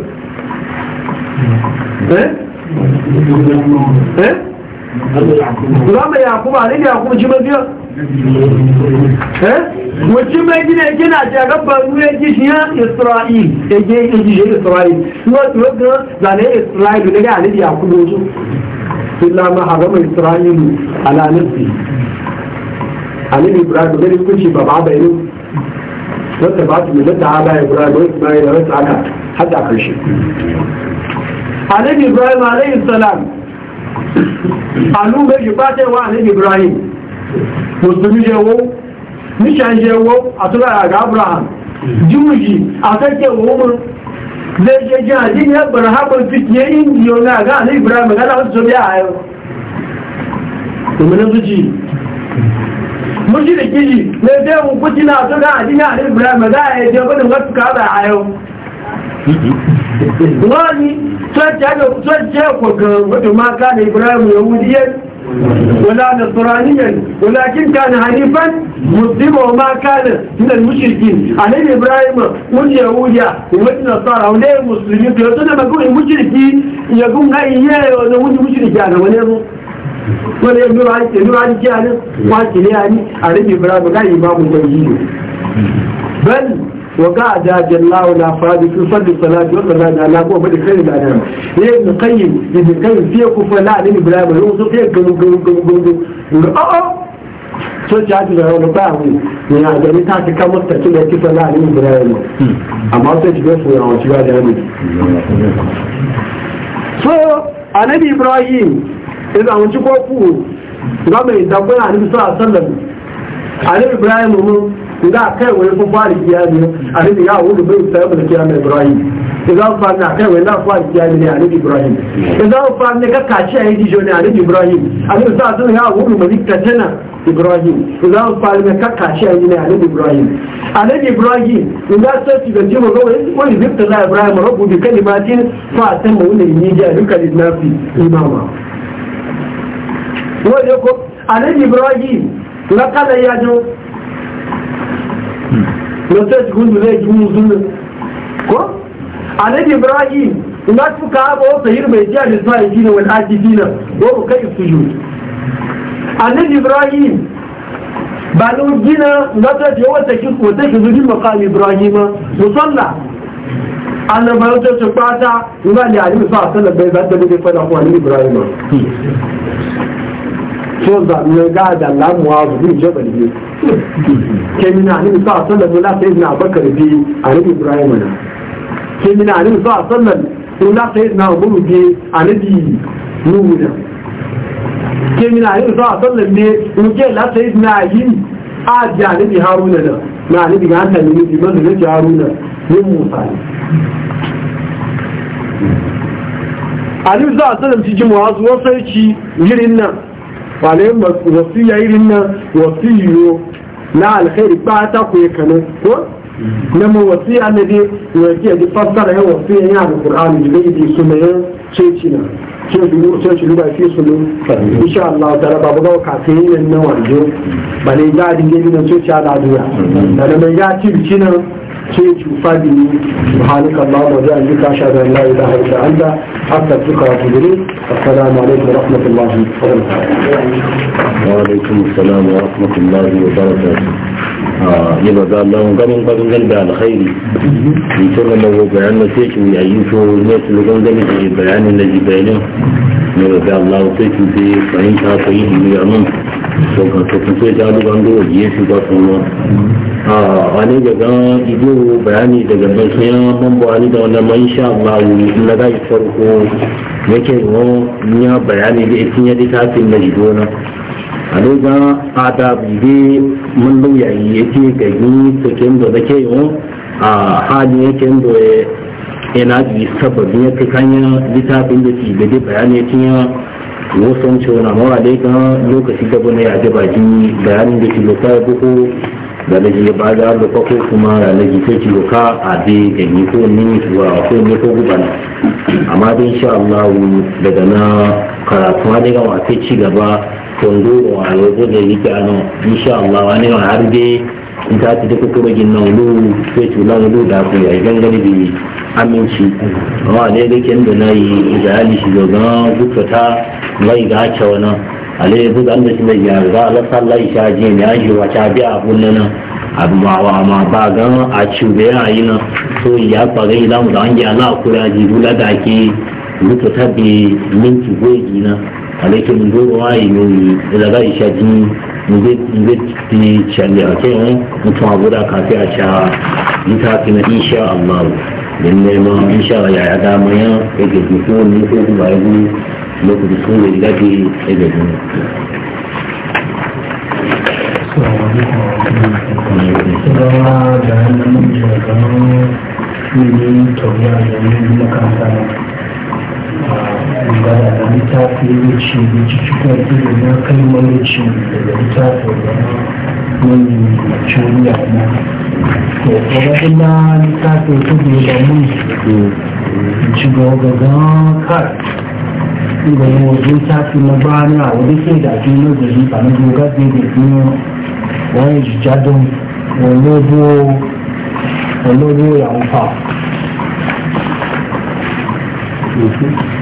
eh eh Zama Yakubu, Aliyu Yakubu ji Eh? wacce mai gina gina ta gaba ruwa gishiyan isra'il ege gishiyan isra'il suwa suwa ga zane isra'il daga alibi a kudu su illa ma harama isra'il ala nufi alibi ibrahim gari kunci ba ba bai nun wata ba su milata ha ba ibrahim wata ba ya rasa aka hada karshe alibi ibrahim alayhi salam alu shi ba ta yi wa alibi ibrahim mùsùlùmí ṣe owó níṣẹ́ a owó àtúrà abraham jíwù yìí àtẹ́kẹ́ owó zai je jin addini ya bar haɓar fitiyar indiyo na ga alai ibrahim ga da wasu biya a yau domin na zuci mushi da kiji na zai hukuci na su ga addini alai ibrahim ga a yau je gudun wasu kaza a yau wani tó jẹ́ kọ̀gán wọ́n má ká ní ibrahim Wala wọ́lá nasiraniyan Wala kí ká ní hanifan musulmi wọ́n má ká mushirki a ní ibrahim wọ́n yahudiya wọ́n nasara wọ́n lẹ́yìn musulmi kí da tó dẹ̀ magúrin mushirki yagun ga iye wọ́n wọ́n mushirki a gaban yanzu wọ́n lè lura ní lura ní kí a ní wọ́n kìlẹ̀ a a ní ibrahim ga imamu tauhidu bẹ́ẹ̀ni وقع جاج الله لا فادي يصلي صلاة وصلاة لا قوة بدي خير الأنام هي ابن قيم قيم فيه كفر لا عليني بلا بلا يوصف فيه قم قم قم قم قم أه sun ci da wani ba ne a gari ta ci kamar ta da kisa na alimin birane amma sai ci gasu ya wace ba da so anabi ibrahim idan wanci ko ku ga mai dabbana anabi sallallahu ibrahim mu. da kai wani kun fara kiya ne a rini ya wuce bai sai ba da ibrahim idan fa na kai wani na ne a rini ne ka kaci a yi ne a rini ibrahim a rini sa katana ibrahim idan ne ka kaci a ne a rini ibrahim a da jima gawa wani zikta za ibrahim rabu bi kai ma tin fa ta mu ne yi duka da nafi imama wani ko a rini ibrahim na lọ sí ẹ̀sìn kúndùn lẹ́yìn mú zúlù kó alẹ́dì ibrahim nga tún káàbọ̀ ó sèyí rẹ̀ jẹ́ àdìsí náà ìjì náà wọ́n ájì ibrahim ibrahim musalla ta ce ne alimu sa sallar bai zata bude fada ko ibrahim so da ne ga da lamuwa zuri jabal biyu kemina ni sa sallallahu alaihi na bakar bi ali ibrahim na kemina ni sa sallallahu alaihi na buru bi ali nuhu na kemina ni sa sallallahu ne uje la sai na yi a ji ali haruna na na ali ga ta ni bi manzo ne haruna ne musa Ali za a sanar cikin wasu wasu ci jirin nan فعليهم وصية إلينا وصيه لا يعني على خير بعد أخوية كانت نما وصية الذي وصية دي فصلها وصية يعني القرآن الذي يسميه cecina ceci luga fi sulu insha Allah tara babu ga kafin yin nan wanjo ba ne ga dinge ni ceci ala duya da mai ya ci cina ceci fadi subhanak Allah wa bihamdika ashhadu an la ilaha illa anta astaghfiruka wa atubu ilayk assalamu alaikum wa rahmatullahi wa barakatuh wa alaikum assalam wa rahmatullahi wa barakatuh yi ba za mu ganin gangan da alkhairi mutum da mu bayan na sai ki yi ne su gangan da ke bayan bayanin da jibailin ne ga ga Allah sai ki sai fahimta ka yi himmiya mun to ka to kun sai jalu ban ba su ma a wani ido bayani daga ban sai mun ba ni da wannan man sha Allah na ga farko yake no ya bayani da ikin ya litafin na jido na a dai ga adabi mun lauya yake ga ni sakin da zake yi a hali yake yana bi sababin ya kai kanya littafin da ke gade bayanai ya tinya wasan cewa na mawa dai kan lokaci da na ya jaba ji bayanin da ke loka ya buku da laji ya ba da ko kuma da laji ta ke loka a da gani ko ni zuwa ko ne ko na amma dai insha Allah daga na karatu ne ga ci gaba kondo wa yau da yake ano insha Allah wani har dai ta ti de koko nan na olu fetu nan olu da ku yayi idan gani bi aminci amma ne da ke da nayi da ali shi ga gutata mai ga ta wana ale bu da shi mai ya ga Allah sallai sha ji ne an wa ta bi abun nan abu ma wa ma ba ga a ci be ayi na so ya fara mu da an ya la kuraji dula da ke mutu tabi minti goyi na alaike mun doro wayi no ilaga isha ji nge nge ti chali ake on mutu abuda kafi a cha ita kina insha Allah dan ne ma insha Allah ya da ma ya ke ke ko ni ko ku ba yi lokaci ko ne da ke ke da ni Assalamu warahmatullahi wabarakatuh. Ina da hannun da kamar ne ne tauriya da da littafi ya ce da cikin ilimin na kalmomici da littafi wani curiya na to kuma ina littafi su ne da mun ci gaba ga kai da wajen tafi na bani a wani ke da ake nazari ba na doga da ke biyu wani jijadon wani ya wufa Thank you.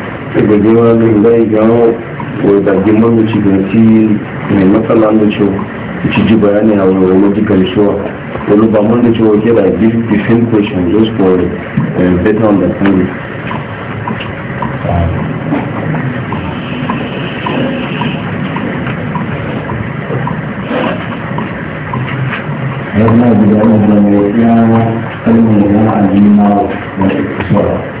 da girma zai bai gano ko da girman da cikinci mai matsala da ciwo ci ji bayani a wani logical show wani ba mun da ciwo ke da give the same question just for a better understanding Yana da yawon da kalmar yana a jima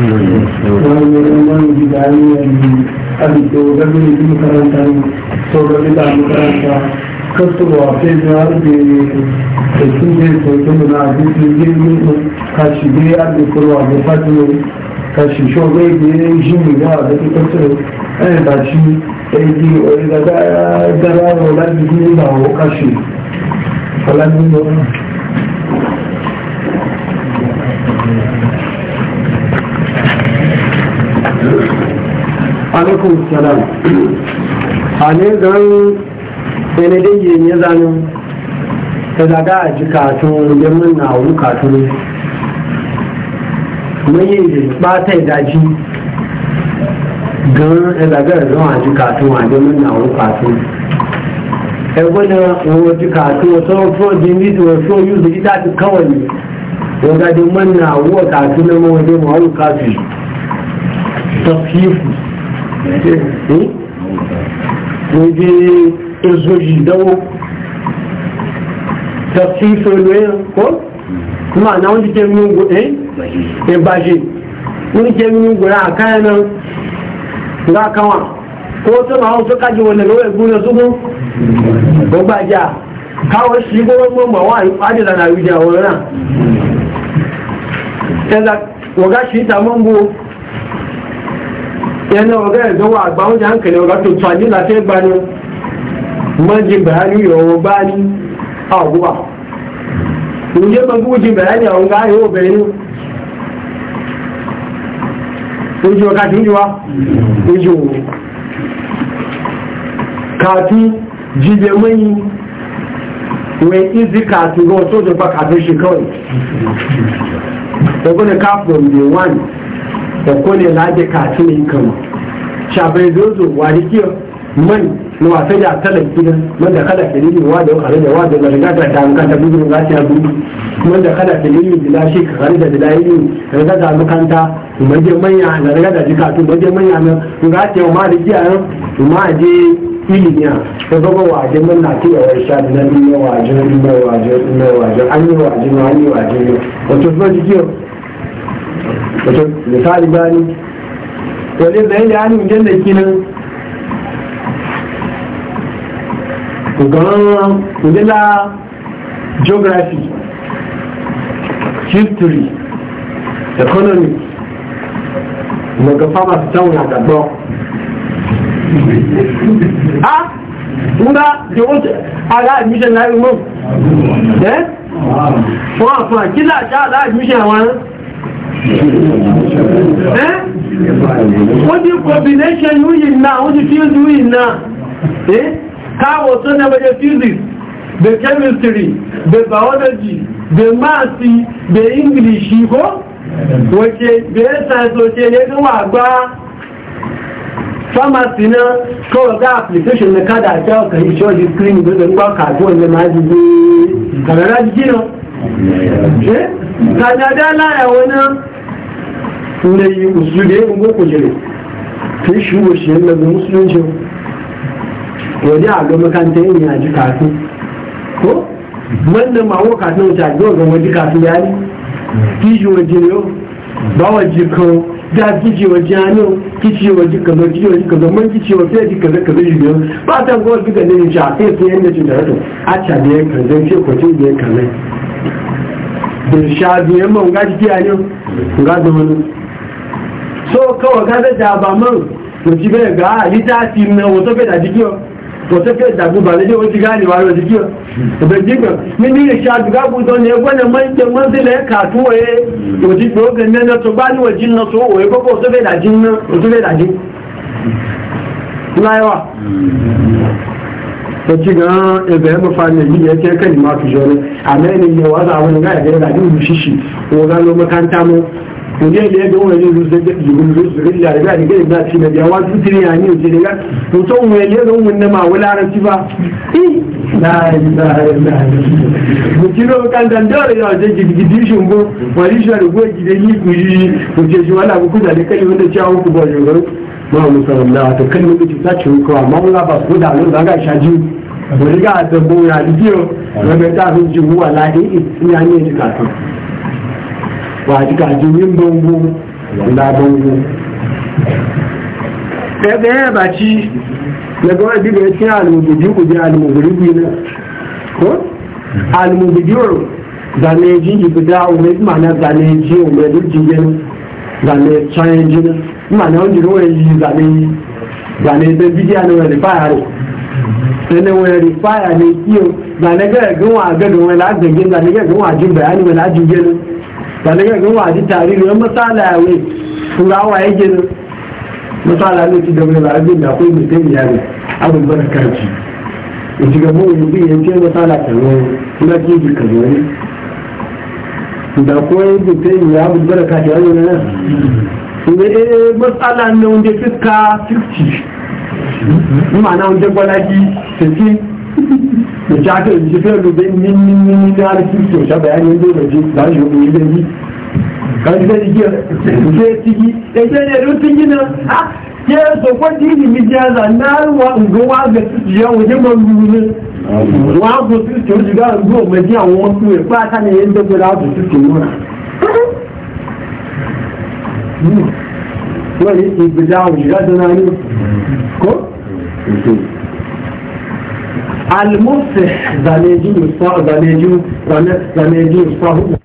wani yan wani gida ne yanzu abin da gabi da ji makaranta ne to gabi da makaranta kastowa sai da da da sun zai sauke mu na abin da yi mun kashi biyu a da kurwa da fadi kashi shogai da ya yi shi mu yawa da ta kastowa ɗaya ba shi ɗaya biyu wani daga gara wa lalbi ne ba wa kashi falalbi ne alaikum salam a ne zan sanadin yin ya zanen ta daga a ji katon yamman na wani katon mai yin ba ta daji gan ẹgbẹ̀rẹ̀ lọ́wọ́ a ji katon a yamman na wani katon ẹgbẹ́ na wọ́n ji katon sọ́rọ̀ fún ọdún nítorí fún yóò zai dájú kawai yau ga dai manna abuwa kafin na mawaje ma'aru kafin tafifu hm? waje izoji dawo tafifu ne ko kuma na wani ke min gude eh? ne ba shi wani ke min gude a kayan nan ga kawa ko ta ma hausa kaji wani gawai gune su ko ba ja kawo shi gowon mamawa a yi fadila na wijawo na ẹ̀dà wọ̀gá ṣe ìta mọ́ ń bó ẹ̀nà ọ̀gá ẹ̀dọ́wọ́ àgbà oúnjẹ àǹkẹ̀lẹ̀ ọ̀gá tó tún àjí láti ẹgbà ni mọ́jì bàálù ìrọ̀wọ̀ bá ní àwọ̀wà òye mọ́jì bàálù àwọn ọ̀gá yóò bẹ̀rẹ̀ ojú tó jọba kàtí ṣe kọ́ ẹ̀kọ́ ni ká from day one ẹ̀kọ́ ni láti kàtí ní nǹkan mọ̀ ṣàbẹ̀rẹ̀ zozo wà ní kí ọ mọ́ni ni wà fẹ́ yà tẹ́lẹ̀ gidan mọ́ni kálà kẹ́lẹ́ ní wádìí ọkàrẹ́ yà wádìí ọkàrẹ́ yà gàdà dàmkanta búburú láti abú mọ́ni kálà kẹ́lẹ́ da bìlá ṣe kàkàrẹ́ da bìlá yìí rẹ̀ gàdà dàmkanta ìmọ̀jẹ̀ mọ́nyà na rẹ̀ gàdà jìkàtú ìmọ̀jẹ̀ mọ́nyà na ń gàtẹ̀ ọmọ àdìjì ma a je. ilimiya ta zama waje mun na ta yawar sha na biyu waje na waje na waje an yi waje na an yi waje ne wato zuwa jiki wato misali ni wani zai da hannun jan da kinan gan kudila geography history economics daga fama su tauna da gbọ́ ah nga de a ga admission na mo eh fo fo kila ja ga admission wa eh Wani combination yìí na wani field yìí na? eh káwọ̀ tó náà bẹ̀rẹ̀ physics bẹ̀ chemistry bẹ̀ biology bẹ̀ math bẹ̀ english ko? kó wọ́n science ló ne yẹ́ tó pharmacy na kawai ga application na kada a kyawun ka yi shawar screen da zan ba ka tuwon da maji ne kaga na jiki na eh da laya wani ne yi usu da yin boko jere ta shi wo shi yadda da musulunci wani a ga makanta yin ya ji kafin ko wannan ma wo kafin wuta ga wani kafin ya ne kishi jere ba wa jikin da kicewa jami'o kicewa kaza kicewa kaza man kicewa sai ji kaza kaza ji biyo ba ta gowar duka ne ji a sai sai yanda cin tarato a ca da ya kaza ce ko ce da ya kaza da sha biyan ma ga ji kiyaye ga da wani so kawai ka da ba man ko ji ga ga litafi na wato bai da jikiyo to ta kai da ba ne wani gane ba wani jikin da bai jikin ni ne sha duga buzo ne gwanin manjan manzila ya katu waye wajen dogon nan na to ba ni wajen na so waye ko ko bai da jin nan su bai da jin kuna ta ci gan ebe ya mafa ne yi ya ke kan ma fi jori a mai ne yawa za a wani ga ya ga da ga jin shishi ko gano makanta mu ne da ya ga wani yanzu zai ga jibin zuwa rilla da gani gani na ci na biya wa su tiri ya ni ce daga mutum wani ya ga wani ma wani larabci ba la ilaha illa mutiro kan dan dole ya je gidi shin bo wani shari go gidi ni ku yi ku ce shi wala ku da kai wanda ci hawo ku ba yo garo ma mu sallallahu ta kan mu ci ta ci ko ma wala ba ku da nan ga shaji wani ga ta bo ya diyo wanda ta hun ji wala dai ya ne ji ka wàtí kàjú wíńdò ń ẹgbẹ́ ẹ̀bà tí lẹ́gbọ́n ìdíbẹ̀ tí alùmùgbèdì kò jẹ́ alùmùgbèdì náà kó alùmùgbèdì ọ̀rọ̀ zàlẹ́jì ìbìdá omi ìmàna zàlẹ́jì omi ẹ̀dùn jíjẹ zàlẹ́jì ìmàna ọ̀njẹ́ ló kí o zàlẹ́gẹ̀ẹ́gẹ́ wọn àgbẹ̀dùn wọn lágbẹ̀gẹ́ zàlẹ́gẹ̀ẹ́gẹ́ wọn àjú bẹ̀yà ni lájú jẹ́ sannan ga gan waje tarihi wani matsala ya wai turawa ya gina matsala ne ci gaba da abin da akwai mai taimi ya ne abin bada karfi in ci gaba wani bi ya ce matsala ta zo kuma ki ji ka zo ne da koyi mai ya abin bada karfi eh, ya zo ne ne ne wanda fiska 60 ma'ana wanda ìjáde ìjíṣẹ́ olùgbé ní ní ní ní ní alifíṣì òṣàbẹ̀ ayé ló rẹ̀ jí láti òkú ilé yìí kàjíṣẹ́ ìjẹ́ ìjẹ́ tíjí ẹjẹ́ ní ẹ̀rọ tíjí náà á jẹ́ sọ̀pọ̀ tí ìlú mi jẹ́ àzà náà wà ǹgó wá bẹ̀ títì yẹ òun jẹ́ mọ́ lulu ní wọ́n á kó títì ó ti dáhùn bí òun ẹ̀jẹ̀ àwọn ọmọ rẹ̀ pé àtàlẹ̀ yẹn ń dẹ́gbẹ̀rẹ̀ àbò títì wọn. wọ́n ní ìgbèjà المفسح زانيجي يصاحب زانيجي صاحب